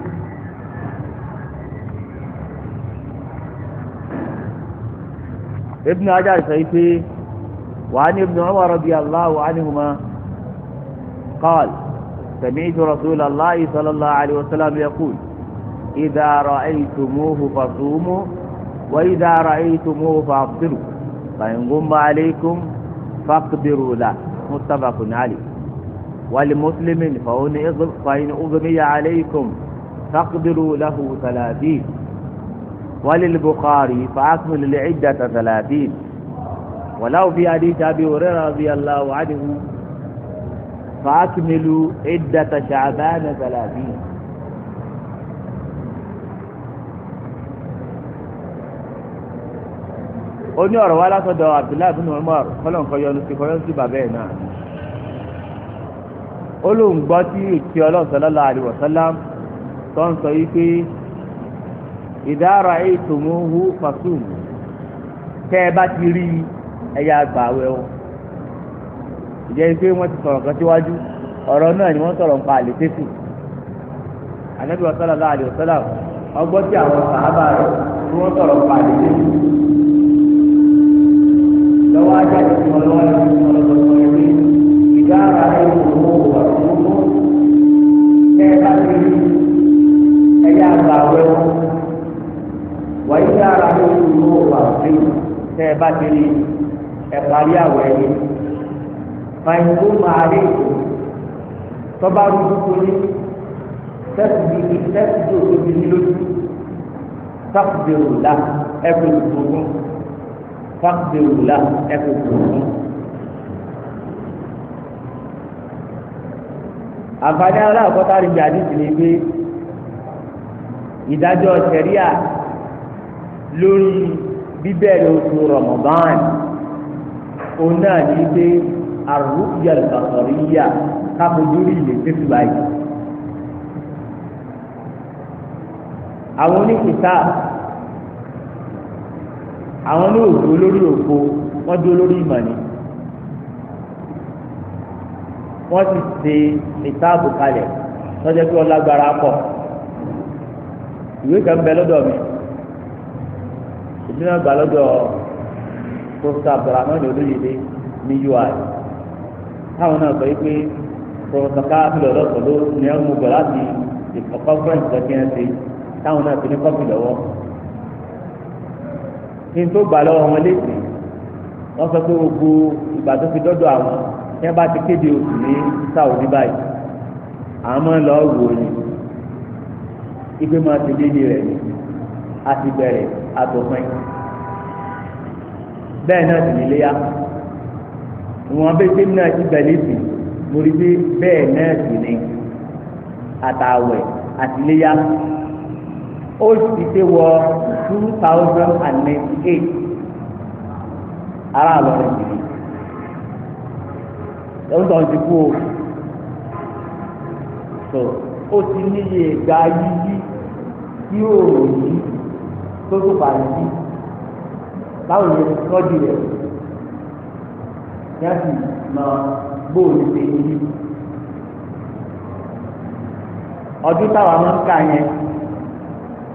ibn hajar sọ pé wàá ní ibn umar radiyallahu سمعت رسول الله صلى الله عليه وسلم يقول إذا رأيتموه فصوموا وإذا رأيتموه فأفطروا فإن غم عليكم فاقدروا له متفق عليه ولمسلم فإن أغمي عليكم فاقدروا له ثلاثين وللبخاري فأكمل العدة ثلاثين ولو في حديث أبي هريرة رضي الله عنه fàákìmẹ́lú ẹ̀dàtà ṣàbánà sàlàbí. ó ní ọ̀rọ̀ wá látọ̀dọ̀ abdullahi bin umar kọ́lọ́n kọ́ yọnu sí kọ́lọ́n sí bàbá ẹ̀ náà ó lóun gbọ́ tí ìkí ọlọ́run sallallahu alaihi wasallam tó ń sọ yìí pé idha ra'aytumuhu fasum tẹ́ ẹ bá ti rí ẹ̀yà àgbà wẹ̀ wọ́n. ìjẹ́ pé wọ́n ti sọ̀rọ̀ kan síwájú ọ̀rọ̀ náà ni wọ́n sọ̀rọ̀ nípa àlètẹ́sù ànábì ọ̀sọ́lá bá àlè ọ̀sọ́lá ọgbọ́n tí àwọn sàábà rẹ̀ tí wọ́n sọ̀rọ̀ nípa àlètẹ́sù lọ́wọ́ ajá ti sọ lọ́wọ́ ẹni tí wọ́n ara rẹ̀ kò mú wà fún un ẹ bá ti rí fàyìnbó máa rí èkó tọ́ba rúdú kọ́lé sẹ́kùdì sẹ́kùdì òkèdè nílòdì sẹ́kùdì òwúlà ẹ̀kọ́ ìgbòho sẹ́kùdì òwúlà ẹ̀kọ́ ìgbòho. àǹfààní aláàkọ́tà rí bíi àdìsí ni pé ìdájọ́ sẹ̀ríà lórí bíbẹ̀rẹ̀ oṣù rọ̀mọ̀bán òun náà ní pé àrùbíyà lùbàtọ̀ríyà káfojúrí ilé tẹ́tù báyìí. àwọn oníkìtà àwọn ní òkú olórí òkú wọ́n dúró lórí ìmọ̀ ni wọ́n ti ṣe ìtaàbò kalẹ̀ lọ́jọ́ pé wọ́n lágbára pọ̀ ìwé kan bẹ lọ́dọ̀ mi ìdí náà gbà lọ́dọ̀ Professor Abdulrahman olóyèdè ní UI káwọn náà sọ wípé pọfẹsọ káfíìlì ọlọ́sọ̀ ló ní ẹ̀ mú bọ̀ láti conference kẹ́kẹ́ ẹ̀ ṣe táwọn náà fi ní kọ́pì lọ́wọ́ ní tó gbà lọ́wọ́ wọn léṣe wọ́n sọ pé gbogbo ìgbà tó fi dọ́dọ̀ àwọn tí wọ́n bá ti kéde oṣù ní Saudi báyìí àwọn máa ń lọ wò ní ipe máa ti dé ní rẹ̀ àti bẹ̀rẹ̀ àtòpin bẹ́ẹ̀ náà sì ní léyà ìwọ̀n abẹ́tẹ́ náà ti bẹ̀lẹ́ sí mo rí pé bẹ́ẹ̀ náà sì ni àtàwẹ̀ àtìléyà ó sì ti wọ two thousand and ninety eight ara àlọ́rẹ̀ sì ni lọ́dún tó ń ti kú o tó ó ti níye ìgbà yíyí tí yóò yí tó tó bá yí báwo ni tọ́jú rẹ̀ o kí á sì máa gbóòlù pé yí. ọdún táwa máa ń kà yẹn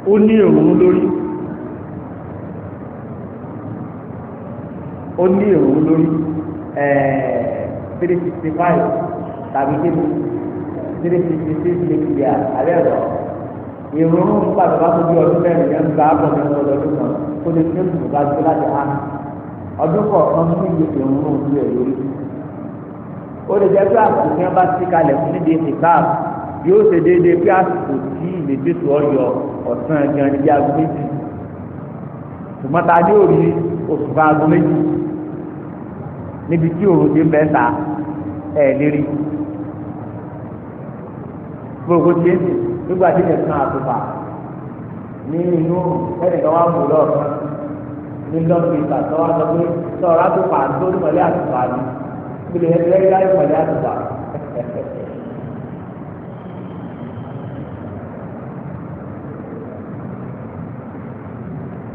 ó ní òun lórí ó ní òun lórí eh, three sixty five tàbí kébù three sixty six lẹ́kì yà alẹ́ rẹ̀ ìrònú nípa tó bá tó ọdún mẹ́rin yẹn ń gba àpọ̀ mẹ́rin lọ́dún kan kó lè fi ń bùkátà láti hàn ọdún kọ̀ọ̀kan ní ìgbésẹ̀ òun náà ojú ẹ̀ lórí. ó lè jẹ́ pé àsìkò tí wọ́n bá sí kalẹ̀ fún níbi ètò káàbù yóò ṣe déédéé pé àsìkò tí ìlẹ́gbẹ̀sọ ọyọ ọ̀sán gan ní bí aago méjì ṣùgbọ́n ta ní òrí oṣù bá aago méjì níbi tí òun ti bẹ́ẹ̀ ta ẹ̀ lérí gbogbo tiẹ̀ nígbà tí ìyẹn kan ní inú ẹnìkan wà wò lọ́ọ̀kan million litre tọ́wọ́ sọ pé sọ̀rọ̀ àtùpà tó mọ̀lẹ́ àtùpà ni gbèlè ẹgbẹ́ yá mọ̀lẹ́ àtùpà.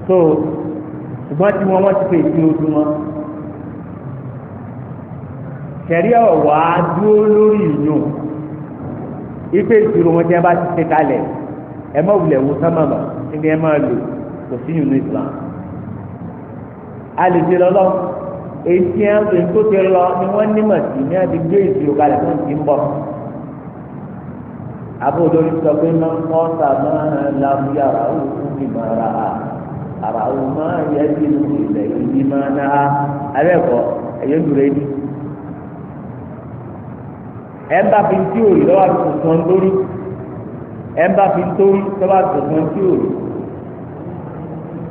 so ṣùgbọ́n tí wọ́n wọ́n ti pè sí ojúmọ́ sẹ̀ríà ọ̀wá dúró lórí ìyún ipe ìṣirò wọn tí wọn bá ti ṣe kalẹ̀ ẹ má wulẹ̀ wo sánmà mọ̀ ẹni ẹ má lò kò sí yìnyín Islam alèsè lọlọ etí ẹ tó ti lọ ni wọn nímọ̀ sí ní àti gbé ìsirò kalẹ̀ fún ti ń bọ̀ abodori sọ pé mọ́ sàmà làmúyàrá òkú mi máa ra àrà òun máa yẹ kí n lè lẹ̀ yìí máa ná alẹ́ kọ́ ẹ̀yẹ́ dùrẹ́ ni ẹnba fi ń tí òòlù lọ́wọ́ àti tuntun lórí ẹnba fi ń torí lọ́wọ́ àti tuntun tí òòlù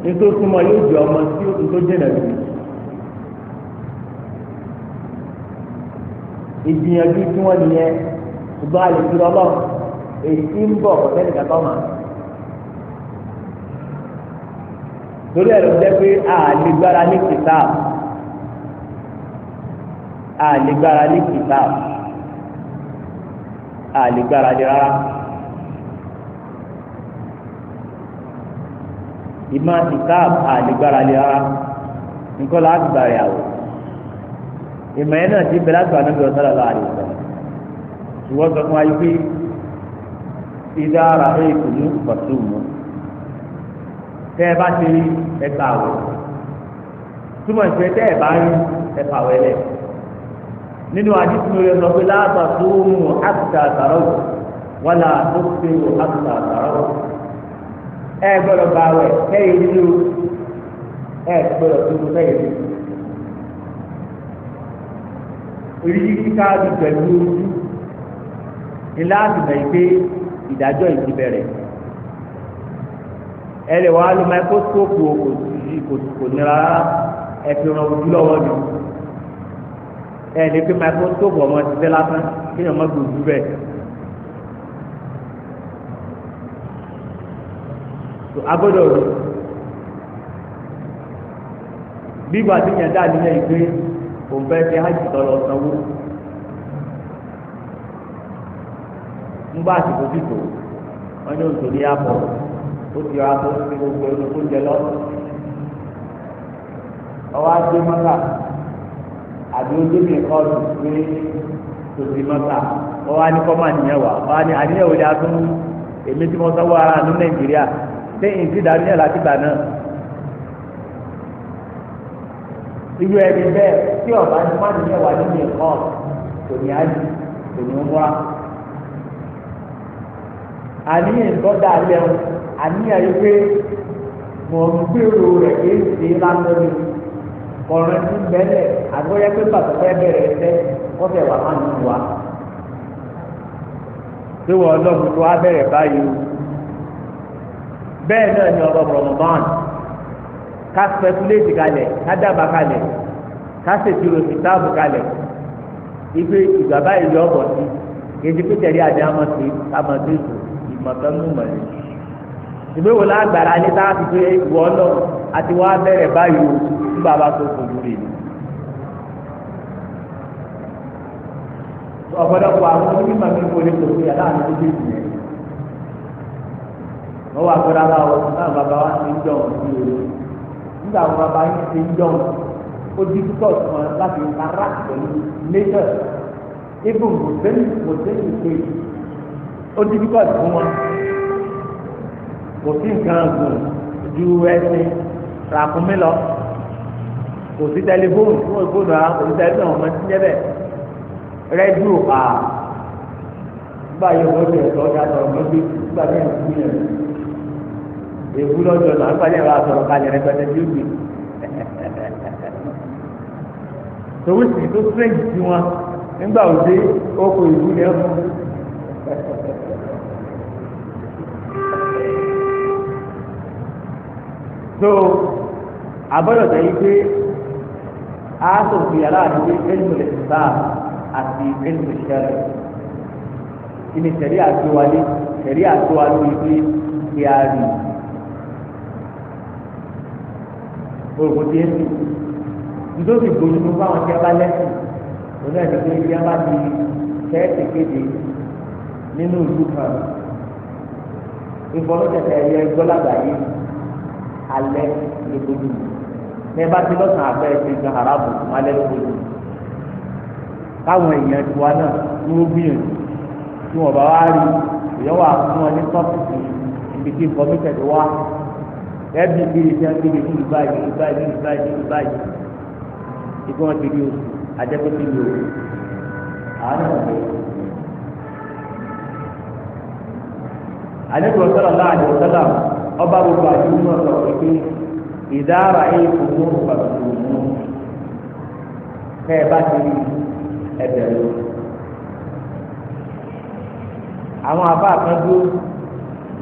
nítorí súnmọ́ yóò jẹ ọmọ tí o tó jẹ́ nàbí. ìgbìyànjú tí wọ́n nìyẹn ṣùgbọ́n àlejò ọlọ́run èyí ń bọ̀ ọ̀tẹ́ni kàkọ́ mà. torí ẹ̀rọ jẹ́ pé àlégbára ní kìtáàbù àlégbára ní kìtáàbù àlégbára ní rárá. ìmọ̀ ìkáàbù àdìgbára lè rárá nǹkan láti gbàrẹ̀ àwò ìmọ̀ yẹn náà ti bẹ̀rẹ̀ àti ànábì ọ̀sán lọ́la àdìgbò sọ̀rọ̀ ṣùgbọ́n sọ fún ayé pé ìdára èkó mú pàtó mu tẹ́ ẹ bá ti rí ẹ̀ka àwò túmọ̀ ìfẹ́ tẹ́ ẹ bá rí ẹ̀ka àwò nínú àdìsínú rẹ̀ sọ pé láàbà tó mú àtúntà àtàrà wọ́n là tó fi àtúntà àtàrà wọ́n ẹ gbọ́dọ̀ bá wẹ̀ lẹ́yìn nínú ẹ gbọ́dọ̀ tóbi lẹ́yìn nínú. Rí káàdì pẹ̀lú ojú ni láti mọ̀ pé ìdájọ́ yìí ti bẹ̀rẹ̀. Ẹ lè wá lo máikróskóòpù kò nira rárá ẹ fi ràn ojú lọ́wọ́ ni. Ẹ lè fi máikróskóòpù ọmọ ti fẹ́ lásán kí ni ọmọ gbòòdú bẹ́ẹ̀. tó agbọ́dọ̀ rò bíbá tí yẹn dá nílẹ̀ ìgbé òun fẹ́ hajj tọlọ sanwó n'gbà àsìkò dìbò wọn ní òtò ní apọ̀ ó ti ra tó ti gbogbo ẹnu tó jẹ lọ ọwọ́ adé mọ́tà àbí ó débi nǹkan ọ̀sùn pé tòsí mọ́tà ọwọ́ aníkọ́ máa nìyẹn wà a tún èmi tí mo sanwó ara ní Nàìjíríà. lẹ́yìn tí daniel àti gbà náà irú ẹni bẹ́ẹ̀ tí ọba ní má nìyẹn wà nínú ẹ̀kọ́ kò ní àjì kò ní wá àníyàn nǹkan dà lẹ́hìn àníyàn yìí pé mò ń gbèrò rẹ̀ kí n ṣe lásán ni kọ̀ọ̀rọ̀ ti ń bẹ́lẹ̀ pé bàtà fẹ́ bẹ̀rẹ̀ ẹsẹ̀ kọ́fẹ̀ wà má nù wá pé wọ́n lọ́mú tó á bẹ̀rẹ̀ báyìí o. bẹ́ẹ̀ náà ni ọ̀rọ̀ rọ̀mọ̀bọ́n ká spẹkuléètì kalẹ̀ ká dábàá kalẹ̀ ká ṣètìrò ìtààbù kalẹ̀ ibi ìgbà báyìí yọ ọ̀bọ̀ sí kejì adé mọ̀lẹ́ lágbára tá a ti gbé ìwọ lọ àti wọ́n á bẹ̀rẹ̀ báyìí o bá tó ọ̀pọ̀lọpọ̀ àwọn onímọ̀ mi kò sí yàrá àti wọ́n wà gbọ́dọ̀ bá wọn náà bàbá wa ti ń jọ̀ ọ́n sí o nígbà wọn bàbá yín ti ń jọ̀ ọ́n ó di púpọ̀ fún wọn láti ara pẹ̀lú nature even mọ̀tẹ́lì mọ̀tẹ́lì pé ó di púpọ̀ fún wọn kò sí nǹkan gùn ju ẹsẹ̀ ràkúnmí lọ kò sí tẹlifóònù fún ìfóònù àwọn kò sí tẹlifóònù ọmọ tí ń yẹ bẹ́ẹ̀ rẹ́díò à gbàyẹ̀wò ọ̀dẹ̀ ẹ̀dọ́ ọ̀dà ọ̀dọ̀ ọ̀gbọ́n gbé gbàgbé ẹ̀kú yẹn èkú lọ́jọ́ náà nípa ní ẹ̀rọ àtọ̀rọ̀ kalẹ̀ rẹpẹtẹ tí ó gbé tòun sì tó strange sí wọn nígbà òde oko ìlú ni ẹ fún so àbọ̀dọ̀ tẹ̀ yí pé a sọ fún yàrá àdúgbò ẹnu lè sá àti ẹnu ìṣẹ̀lẹ̀ kí ni sẹ̀rí àti wálé sẹ̀rí àti wálé yìí pé kí a rí i. olùkọ́ ti ẹ̀sìn nítorí ti gbójú tó fáwọn tí a bá lẹ́sìn òun náà ti pé tí a bá di sẹ́ẹ̀tì kéde nínú ìlú kan ìfọlọ́tẹ̀tẹ̀ ẹ̀yẹ gbọ́lágbà yìí alẹ́ ló gbójú ní ẹ bá ti lọ́sàn-án abẹ́ ẹ̀sìn gan arábù alẹ́ ló gbójú káwọn èèyàn tiwa náà tí wọ́n gbìyànjú tí wọ́n bá wá rí ìyẹ́wò àfún wọn ní sọ́ọ̀tì ibi tí ìfọlọ́tẹ̀tẹ̀ wá ẹbí kiri tí a kiri ní ìlú báyìí ìlú báyìí ìlú báyìí ìlú báyìí ìgbọ́n wọn ti di oṣù àjẹpẹ́ ti di oṣù àánú ọ̀gbẹ́. àdébùrọ̀ sọ̀rọ̀ láàyè sọ̀rọ̀ ọba gbogbo àdúgbò náà sọ pé ìdára èyí kò mú pàtàkì mú kẹ́ bá ti rí ẹbẹ̀rẹ̀ àwọn àbá kan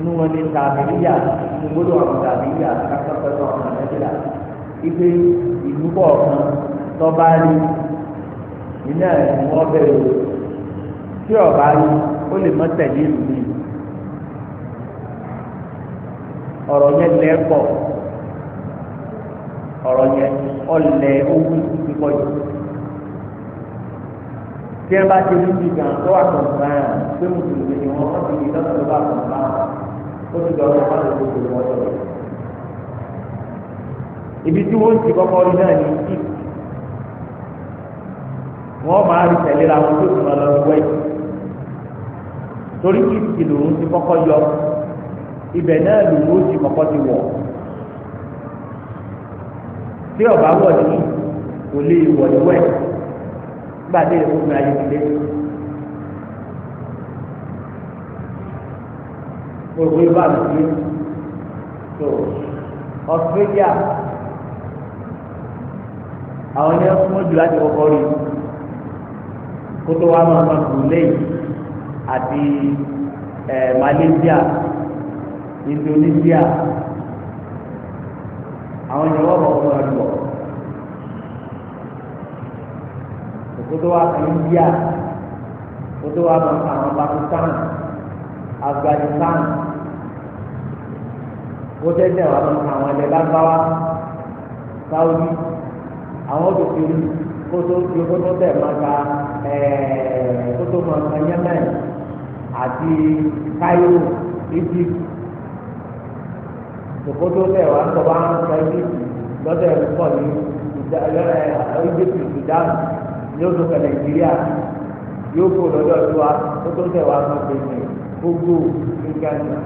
inú wọn ní tàbíyà gbogbo àwọn tàbíyà kápẹ́pẹ́pẹ́ ọ̀nà nàìjíríà ipe ìlú kọ̀ọ̀kan tọ́ba rí iná ẹ̀sìn wọn bẹ̀rẹ̀ o tí ọba rí ó lè mọ́ tẹ̀lé ìlú mi ọ̀rọ̀ yẹn lẹ́pọ̀ ọ̀rọ̀ yẹn ọ̀lẹ̀ owó ti pọ̀ jù tí ẹ bá ti rí ibi kan tó wà kàn fún ẹ pé mùsùlùmí ni wọn wọn ti di lọ́sọ̀rọ̀ bá kàn fún ẹ. ó ti dọ̀rọ̀ wọn lè gbogbo ibi tí ti kọ́kọ́ rí náà ní ìlú wọ́n máa rí tẹ̀lé ra wọn tó sùn lọ lọ́wọ́ wẹ́ẹ̀ torí kí ìlú ti kọ́kọ́ yọ ibẹ̀ náà lòun ti kọ́kọ́ ti tí ọba wọ̀ ní kò lè wọ̀ ní wẹ́ẹ̀ gbàdé ayé ti gbogbo ibà lórí tó Australia àwọn yẹn fún jù láti kọ́kọ́ rí kótó wa máa ma gùnlé àti ẹ eh, Malaysia Indonesia àwọn yẹn wọ́n bọ̀ fún ọdún bọ̀ kótó wa fún India kótó wa máa fún àwọn Pakistan. Afghanistan ó tẹ́tẹ́ wà lọ́nà àwọn ẹ̀dẹ̀ lágbáwá Saudi àwọn òbí kótó ti kótó tẹ̀ máa ka eh, kótó máa ka Yemen àti Cairo Egypt kótó tẹ̀ wà ń sọ bá ń sọ Egypt lọ́dọ̀ ẹ̀ pọ̀ ní eh, Egypt Sudan yóò tó kẹ Nàìjíríà yóò kó lọ́dọ̀ tó kótó tẹ̀ wà ń sọ Benin gbogbo ìgbàgbà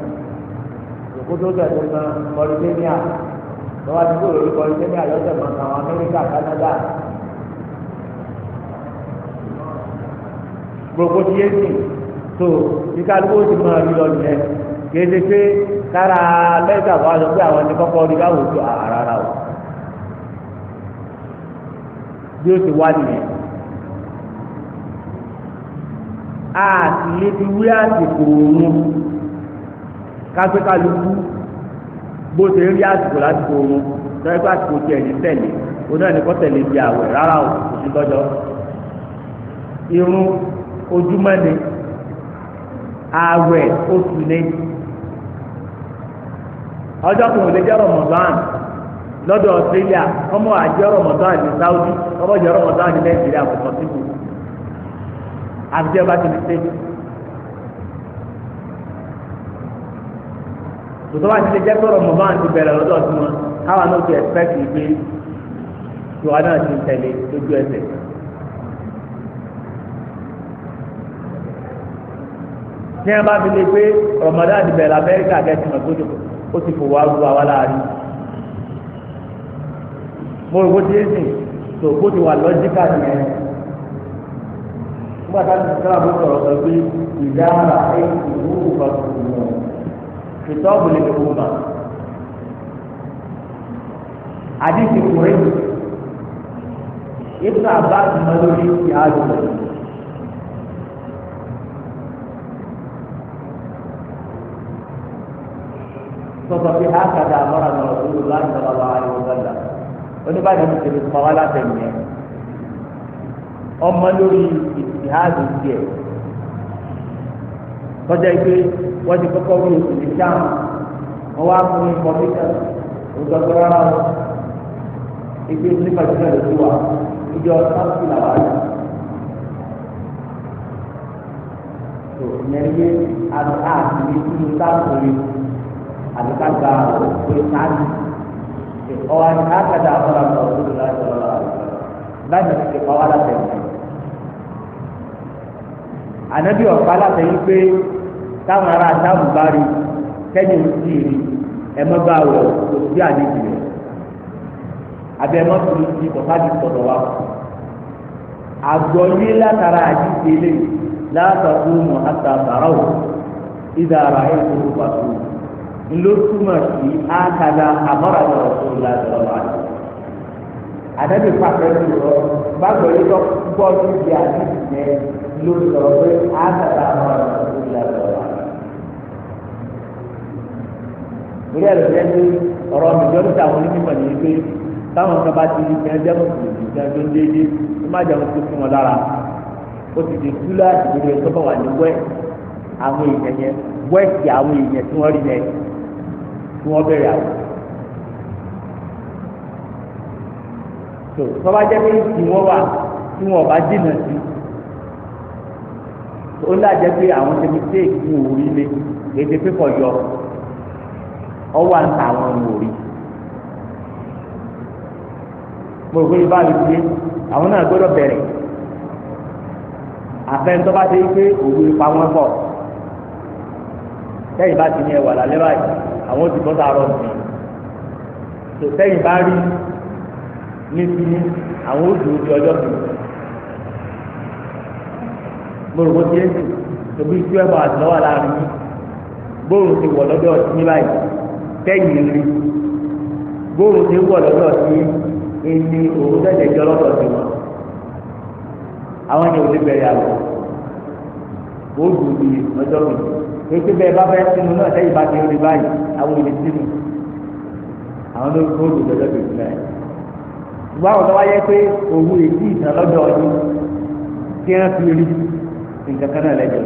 òkútó tẹ̀lé ma mọ̀lẹ́dẹ́nìà lọ́wọ́ àdúgbò lórí mọ̀lẹ́dẹ́nìà lọ́sẹ̀ mọ̀ àwọn Amẹ́ríkà Kánádà gbogbo ti yé sìn tó ìkálukó ti máa rí lọ nìyẹn kéde pé kára lẹ́tà wà lọ pé àwọn ẹni kọ́kọ́ rí báwo tó àràrà o bí ó ti wá nìyẹn. àti lè fi wí àsìkò òun kágbé bó ṣe rí àsìkò lásìkò òun lọ́wọ́ àsìkò tiẹ̀ ní tẹ̀lé òun náà ní kọ́ tẹ̀lé di àwẹ̀ rárá o irun ojúmọ́ ni àwẹ̀ oṣù ni ọjọ́ kan ò lè jẹ́ Ramadan lọ́dọ̀ Australia ọmọ àjẹ́ ní Saudi ọmọ jẹ́ ní Nàìjíríà kò sọ àbí tí ẹ bá ti lè ṣe. tòtò wá ti lè jẹ́ sọ̀rọ̀ mọ̀ bá ń ti bẹ̀rẹ̀ lọ́dọ̀ tí wọn káwa náà ti ẹ̀sìpẹ́kì gbé tiwa náà ti tẹ̀lé lójú ẹsẹ̀. ní ẹ bá fi lè pé Ramadan ti bẹ̀rẹ̀ Amẹ́ríkà kẹ́sì náà tó ti fò wá ru àwa láàrin. mo rò bó ti ń sìn tó bó ti wà lọ́jíkà nìyẹn gbàdá ní sọ́ra bó sọ̀rọ̀ sọ pé ìdára ẹ̀ ìwúrù bá tuntun mọ́ ìtọ́ òbílẹ̀ ní kò mà. àdìsí kùrẹ́ ìtàn àbá ìmọ̀ lórí ìyá àdúgbò. sọ̀tọ̀ bí hákàdà àmọ́ràn ọ̀rọ̀ tó lù láti sọ̀rọ̀ àwọn àyè wọ́n gbàdá oníbàdàn ti fi kọ́ wá látẹ̀yìn yẹn ọmọ lórí ìtìhádì tiẹ̀ tọ́jà ìgbé wọ́n ti kọ́kọ́ wí oṣù ní sáà wọ́n wá fún mi kọ́míkà òtọ́tọ́ rárá o ìgbé nípa ìṣúná lè tó wa ìjọ sáfì làwọn àyè tó lẹ́yìn àti ìṣúná sáfì rẹ̀ àti ká gba òwe sáfì ọ̀hún àti ká gba àwọn ọ̀rọ̀ báyìí ló ti kọ́ wá láti ẹ̀sìn. ànábì ọ̀pá láti yí pé táwọn ará sáàmù bá rí kẹ́yìn ń tì rí ẹ mọ́ bá wọ̀ kò sí àdéjì rẹ̀ abẹ́ ẹ mọ́ tó ní ti kọ̀tà ti sọ̀rọ̀ wá. àgbọ̀nyé látara àdíje lè látàkú mọ̀ àtàbàrà wò ìdá ara ẹ̀ tó bá tó. ńlọ́túmọ̀ sí àkàdá àbọ̀ràn ọ̀rọ̀ tó lágbára ànábì pàṣẹ ti rọ gbàgbọ́ yìí lọ gbọ́ sí ibi àti ìyẹn ló sọ̀rọ̀ pé àtàtà máa rọ̀ sí ìlà sọ̀rọ̀. Ìgbéyà ló jẹ́ pé ọ̀rọ̀ ìjọ ní tàwọn onímọ̀ ní pé táwọn kan bá ti di ìjẹun jẹ́ mùsùlùmí ìjẹun tó ń déédé ó má jẹun tó fún wọn lára. Ó ti di túlá ìdílé tó bá wà ní wẹ́ àwọn èèyàn yẹn wẹ́ẹ̀kì àwọn èèyàn tí wọ́n rí yẹn tí wọ́n bẹ̀rẹ̀ àwọn. tó tọ́ba jẹ́ pé tí wọ́n wà tí wọ́n bá dènà sí ó lájẹ́ pé àwọn ṣe mistake ní òwúrí lé èdè pépọ̀ yọ ọwọ́ àǹtà àwọn ọmọ òrí mo rò pé ibà mi ti yé àwọn náà gbọ́dọ̀ bẹ̀rẹ̀ àfẹnudọ́ba ṣe é pé òwúrí pa wọ́n pọ̀ sẹ́yìn bá ti ní ẹwà lálẹ́ báyìí àwọn ti bọ́ sáà rọ̀ sí i tó sẹ́yìn bá rí i níbi àwọn oṣù ojú ọjọ́ tó gbòòrò tí ń sùn tóbi tí ẹ bá àtúnwà láàrin gbòòrò ti wọ̀ lọ́dọ̀ ọtí báyìí tẹ́yìn rí gbòòrò ti wọ̀ lọ́dọ̀ ọtí ẹni òun tẹ̀lé jọ lọ́dọ̀ ọtí wọn àwọn ènìyàn ò lè bẹ̀rẹ̀ àwọ̀ ó dùn bí ọjọ́ kejì pépé bẹ́ẹ̀ bá fẹ́ sínú náà tẹ́yìn bá ti rí báyìí àwọn ènìyàn sínú àwọn olórí kóòdù lọ́dọ̀ kejì náà. ṣùgbọ́n àwọn tó wáyé pé òwú èyí ọdún tí wọ́n fi rí nǹkan kan náà lẹ́jọ́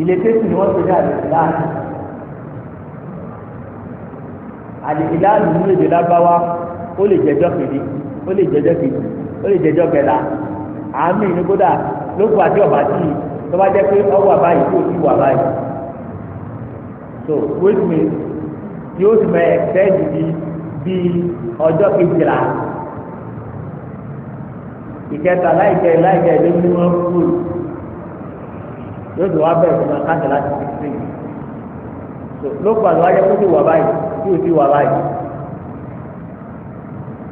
ilé tẹ́sí ni wọ́n ti dá àlè ìlànà àlè ìlànà ní èdè lábáwá ó lè jẹjọ́ kejì ó lè jẹjọ́ kejì ó lè jẹjọ́ kẹta àmì ní kódà ló fà so which means yóò ti máa extend bí bí ọjọ́ kejìlá ìkẹta láìkẹ láìkẹ ló ní wọn kú yóò ti wá bẹ̀rẹ̀ fún akáǹtì láti sixteen so ló pa àwọn ayé kó ti wà báyìí kí o ti wà báyìí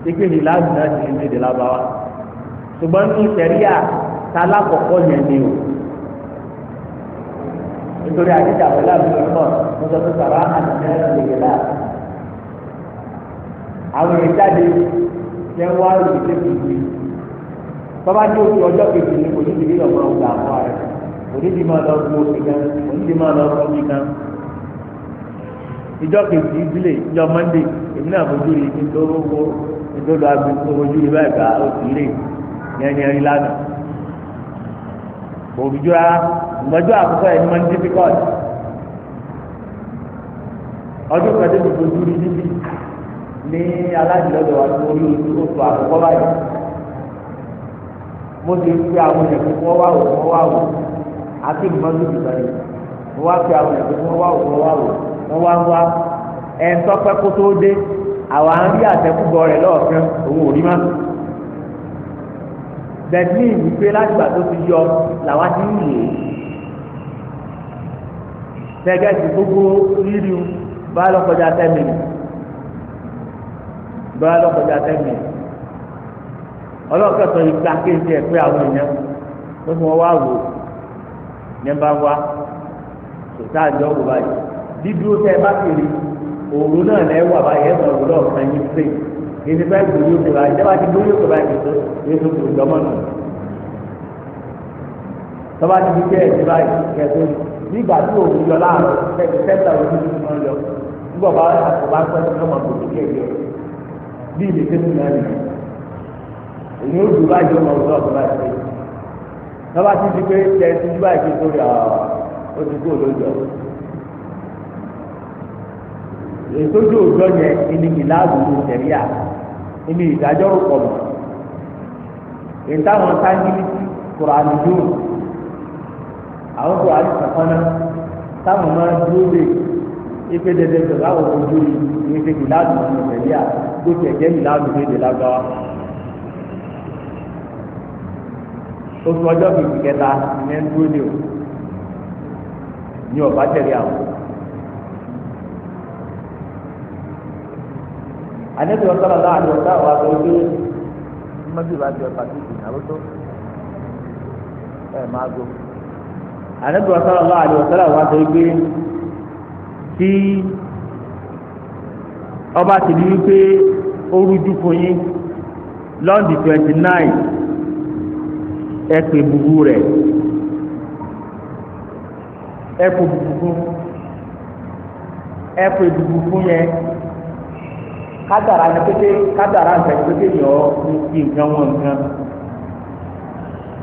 ike ìlànà náà ti ń di ìdílábàá wa ṣùgbọ́n ní sẹ̀ríà tá a lákọ̀ọ́kọ́ yẹn ni o nítorí àdìsí àbẹ̀lá mi ò mọ̀ mo sọ pé bàbá àdìsí lè yẹ láà. àwọn èèyàn jáde ṣe ń wá òyìnbó tẹ́kù yìí bàbá tí o ti ọjọ́ kejì ní kò ní ti rí ọmọ ọgbà àpá rẹ̀ kò ní ti máa lọ fún omi kan kò ní ti máa lọ fún omi kan. ìjọ kejì ìdílé ìjọ mọ́ndé èmi náà fojú rí ibi tó wọ́wọ́ ìdódò agbègbè ojú rí báyìí ká o sì lè yẹn yẹn rí lánàá. òrùjọ a ìmọ̀jọ àkọ́kọ́ ẹ̀ ní wọ́n difficult ọdún kan tó gbogbo dúró níbí ní alájùlọ́dọ̀ wa tó orí oṣù oṣù àkọ́kọ́ báyìí mo ti fi àwọn èèyàn fún àti ìgbà yìí mo wá fi àwọn èèyàn fún wá bẹẹni ìwípé látìgbà tó ti yọ làwa ti ń lò tẹgẹ ti gbogbo rírì bá lọkọjá tẹmí bá lọkọjá tẹmí ọlọ́kẹ́sọ ìgbà kéde ẹ̀ pé àwọn èèyàn tó fún ọ wá wò ní bá wá sòtá àjọ wò báyìí dídúró tẹ ẹ bá kiri òru náà lẹ́wọ̀ àbáyé ẹ̀ mọ̀ òru náà kàn yín fèé èsì bá gbòó yóò kó báyìí tẹ́wá ti gbòó yóò kó báyìí tó yóò tó gbòó dọ́mọ́ nù. tọ́ba ti fi kẹ́ ẹ̀sìn báyìí kẹ́tọ́ nígbà tí òun yọ láàrú sẹ́ńtà òun ti fi máa yọ nígbà bá àkóbá pẹ́ tó máa kò tókè yọ bí ilé tẹ́tù náà nì èyí ó dùn báyìí ó máa wù lọ́ọ̀kọ́ báyìí tọ́ba ti di pé tẹ́tù báyìí kí sórí ó ti kó níbi ìdájọ́ rúkọ̀lù ìtawọn sáńgìlìtì kùránì dùn àwọn kùránì kàkọ́nà táwọn máa dúró lè ife dẹdẹ tó báwo kò ju ife ìlànà ìrẹ̀lẹ̀ à tó tẹ̀ jẹ́ ìlànà ìrẹ̀lẹ̀ lágbára. oṣù ọjọ́ kejì kẹta ìyẹn dúró lè o ní ọ̀bá tẹ̀lé àwọn. anabi ọsọlọ náà àti ọsọ àwọn agbègbè mọbi bá jẹ pàtìkì nàrótó ẹ máa gbó anabi ọsọlọ náà àti ọsọlọ àwọn agbègbè tí ọba ti di wípé ó rújú fún yín lọ́ndì twenty nine ẹ pè bubu rẹ̀ ẹ pè bubu fún ẹ bubu fún yẹn. kátàrà ni pété kátàrà ń tẹ̀lé pété yọ ní nǹkan wọn nǹkan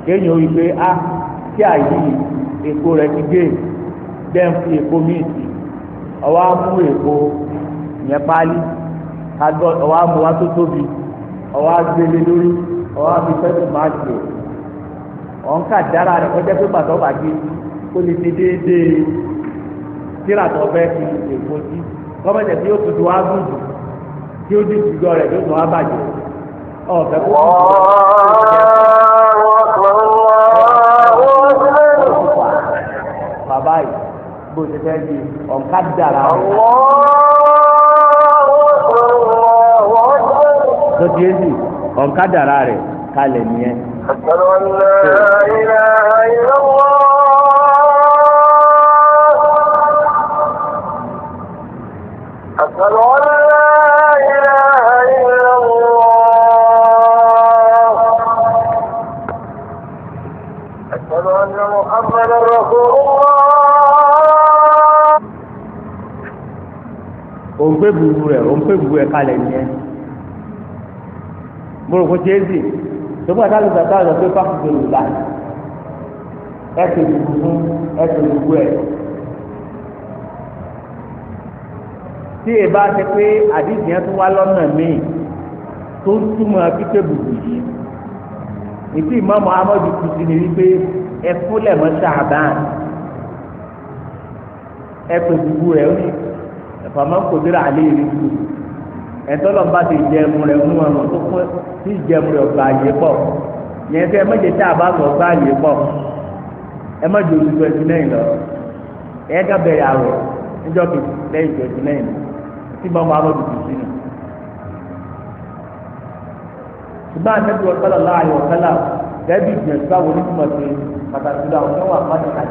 kéèyàn ó pé a tí a yí èkó rẹ ti gé bẹ́ẹ̀ ń fi èkó míì sí ọwọ́ á èkó yẹn pálí kájọ ọwọ́ á mú tó tóbi ọwọ́ á lórí ọwọ́ á fi fẹ́tù máa ṣe ọ̀nkà dára rẹ̀ kọjá pé bàtà ọ̀bà gé kó lè ṣe tí ó dé ìdúgbò rẹ̀ tó tún á bàjẹ́ ọ̀fẹ́ kó bó ṣe fẹ́ di ọ̀kadàrà rẹ̀ tó ti é sì ọ̀kadàrà rẹ̀ kalẹ̀ nìyẹn. Hello? òun pé buru rẹ òun pé buru ẹ kalẹ̀ nìyẹn mọlòkó jésì tóbi àtàlù sàtà lọ pé fáfù gbèrú la ẹsẹ buru fún ẹsẹ buru ẹ tí ẹ bá ṣe pé àdìsí yẹn tún wá lọ́nà míì tó ń túmọ̀ pípé buru yìí ìtì ìmọ̀mọ́ amọ́dù kùtì ni wípé ẹ fúnlẹ̀ mọ́ sàbáàn ẹ pè buru ẹ ó ní. fàmà kòdìrà àlẹ́ yìí kù ẹ̀tọ́lọ̀ bá ti jẹun rẹ̀ mú ọ̀run tó kún tí jẹun rẹ̀ ọ̀gbà yìí pọ̀ yẹn fẹ́ mẹ́jẹ tá a bá mọ̀ ọ̀gbà yìí pọ̀ ẹ dẹ́bí túmọ̀ sí pàtàkì pé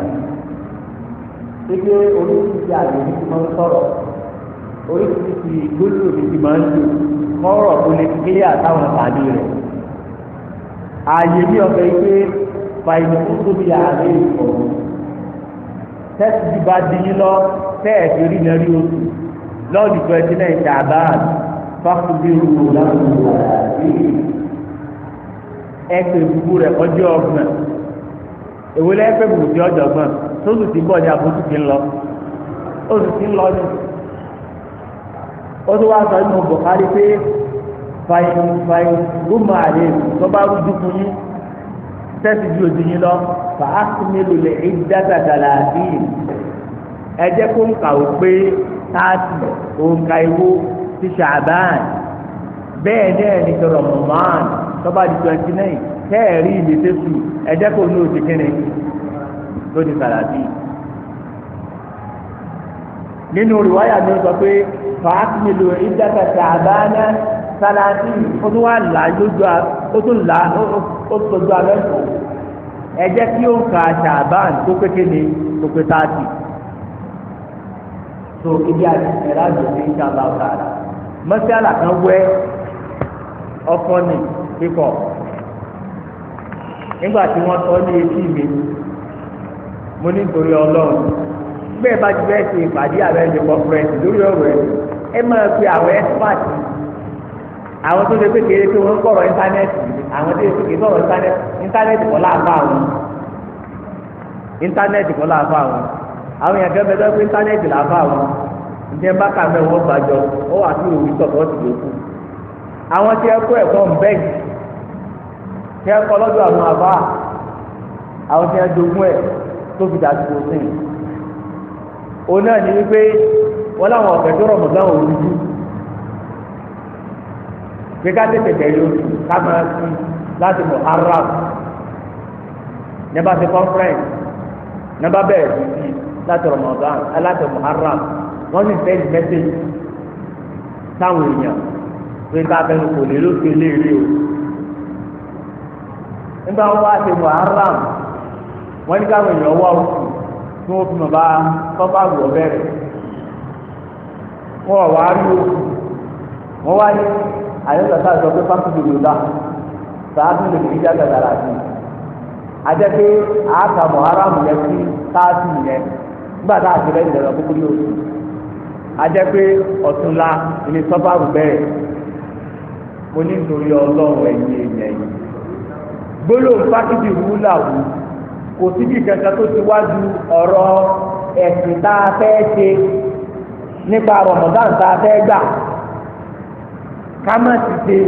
ti ní sọ̀rọ̀ oríṣiríṣi gbólóò mi ti máa ń lò kọ́rọ̀ tó lè kílíà táwọn tàbí rẹ̀ ààyè ní ọ̀fẹ́ pé fàìlì tó tóbi ààrẹ ìfọ̀ tẹ́sí bá di yín lọ tẹ́ẹ̀sì orí náà rí oṣù lọ́ọ̀dì twenty nine ṣàbá fákúndé òwò láwùjọ ẹ pè gbogbo rẹ̀ kọjá ọgbọ̀n èwo lẹ́ẹ̀pẹ̀ gbogbo ọjọ́ ọgbọ̀n tó sì ti bọ̀ ní àbójútì ńlọ ó sì ń lọ ní ó tún wá sọ nínú Bukhari pé fàyìn fàyìn rúmọ àlè tó bá rújú fún yín tẹ́sí ju òdì yín lọ fà á sì mélòó lè é dáadáa àbí ẹ jẹ́ kó ń kàwé pé táàtì òǹkà ìwó ti ṣàbáàn bẹ́ẹ̀ náà ní tọrọ mọ̀mọ́án tó di twenty nine kẹ́ẹ̀rí ìlẹ́sẹ̀sù ẹ jẹ́ kó ní òdì kínní ló ti sàlàbí. nínú rìwáyà mi sọ pé fàákì lò ìdáka ṣàbánà sálátì ó tún wá là lójú ó tún là ó tọjú ẹ jẹ́ kí ó ka ṣàbán tó pété ni tó táàtì tó ibi àti ìṣẹ̀lá mọ́sálà kan wẹ́ ọkọ ní kíkọ nígbà tí wọ́n sọ ní etí mi bẹ́ẹ̀ bá ti bẹ́ẹ̀ ṣe ìpàdé ààrẹ ẹ̀jẹ̀ kọ́fúrẹ́ǹsì lórí ọ̀rọ̀ ẹ̀ ẹ máa pe àwọn ẹ́sípàtì àwọn tó pé kéré kọ̀rọ̀ íńtánẹ́ẹ̀tì àwọn tó lè pé kéré kọ̀rọ̀ íńtánẹ́ẹ̀tì àwọn íńtánẹ́ẹ̀tì kọ́ àwọn àwọn èèyàn íńtánẹ́ẹ̀tì àwọn ìjẹ́ bá kà àwọn tí ẹ kó ẹ̀kọ́ tí ẹ kọ́ lọ́dọ̀ àwọn àbá àwọn tí ẹ òun náà ní wípé wọn láwọn ọ̀fẹ́ tó ga láwọn òdúdú pé ká tètè bẹ̀rẹ̀ oṣù ká máa sí láti mọ̀ arab nígbà tí conference nígbà bẹ̀rẹ̀ sí sí láti Ramadan láti mọ̀ arab wọ́n sì fẹ́ mẹ́sẹ̀gì táwọn èèyàn pé ká bẹ̀rẹ̀ kò lè lóṣù o nígbà wọn wá ti mọ̀ arab wọ́n ní káwọn èèyàn wá oṣù. tí wọ́n fi mọ̀ bá tọ́pá rù ọ wọ́n wá rí o wọ́n wá ní àyẹ̀sọ̀tà sọ pé dá sàádùn lè fi jáde dára sí i àtàmọ̀ aráàmù yẹn sí sáàtì a ti rẹ̀ ìdẹ̀rọ̀ kúkú ní oṣù àjẹpé ọ̀túnla ní tọ́pá kò síbi kankan tó ti wá ju ọ̀rọ̀ ẹ̀sìn tá a fẹ́ ṣe nípa rọ̀mọ̀dán tá a fẹ́ gbà ká má ti ṣe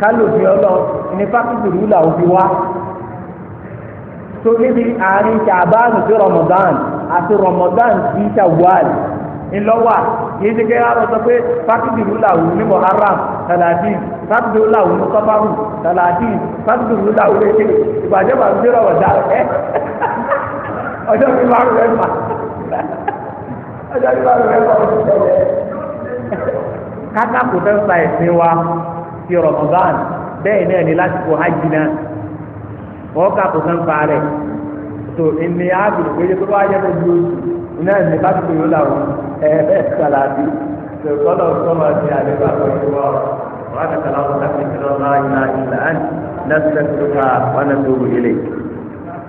ká lòfin ọlọ́run ní fásitì rúlà òbí wa tó níbi àárín ṣàbáàmù sí rọ̀mọ̀dán àti rọ̀mọ̀dán sí ṣàwáàlì. ńlọ́wà kì ṣe kí arọ sọ pé fákìdìrú làwù ní muharram taladin fákìdìrú làwù ní sọfàrù taladin fákìdìrú làwù ní kéde ìbàjẹ́ bàbá gbé rọ̀wọ̀ dá ẹ́ ọjọ́ bí wàá rẹ̀ ọjọ́ bí wàá rẹ̀ ọjọ́ bí kaka kò fẹ́ ẹ̀sìn wa ti bẹ́ẹ̀ náà ni kò fẹ́ fa rẹ̀ tó bá yẹ kó ثلاثين فقال الصلاة في عبادة الشوار وعادة الأرض تحت كلا لا إله إلا أنت نستفتك ونتوب إليك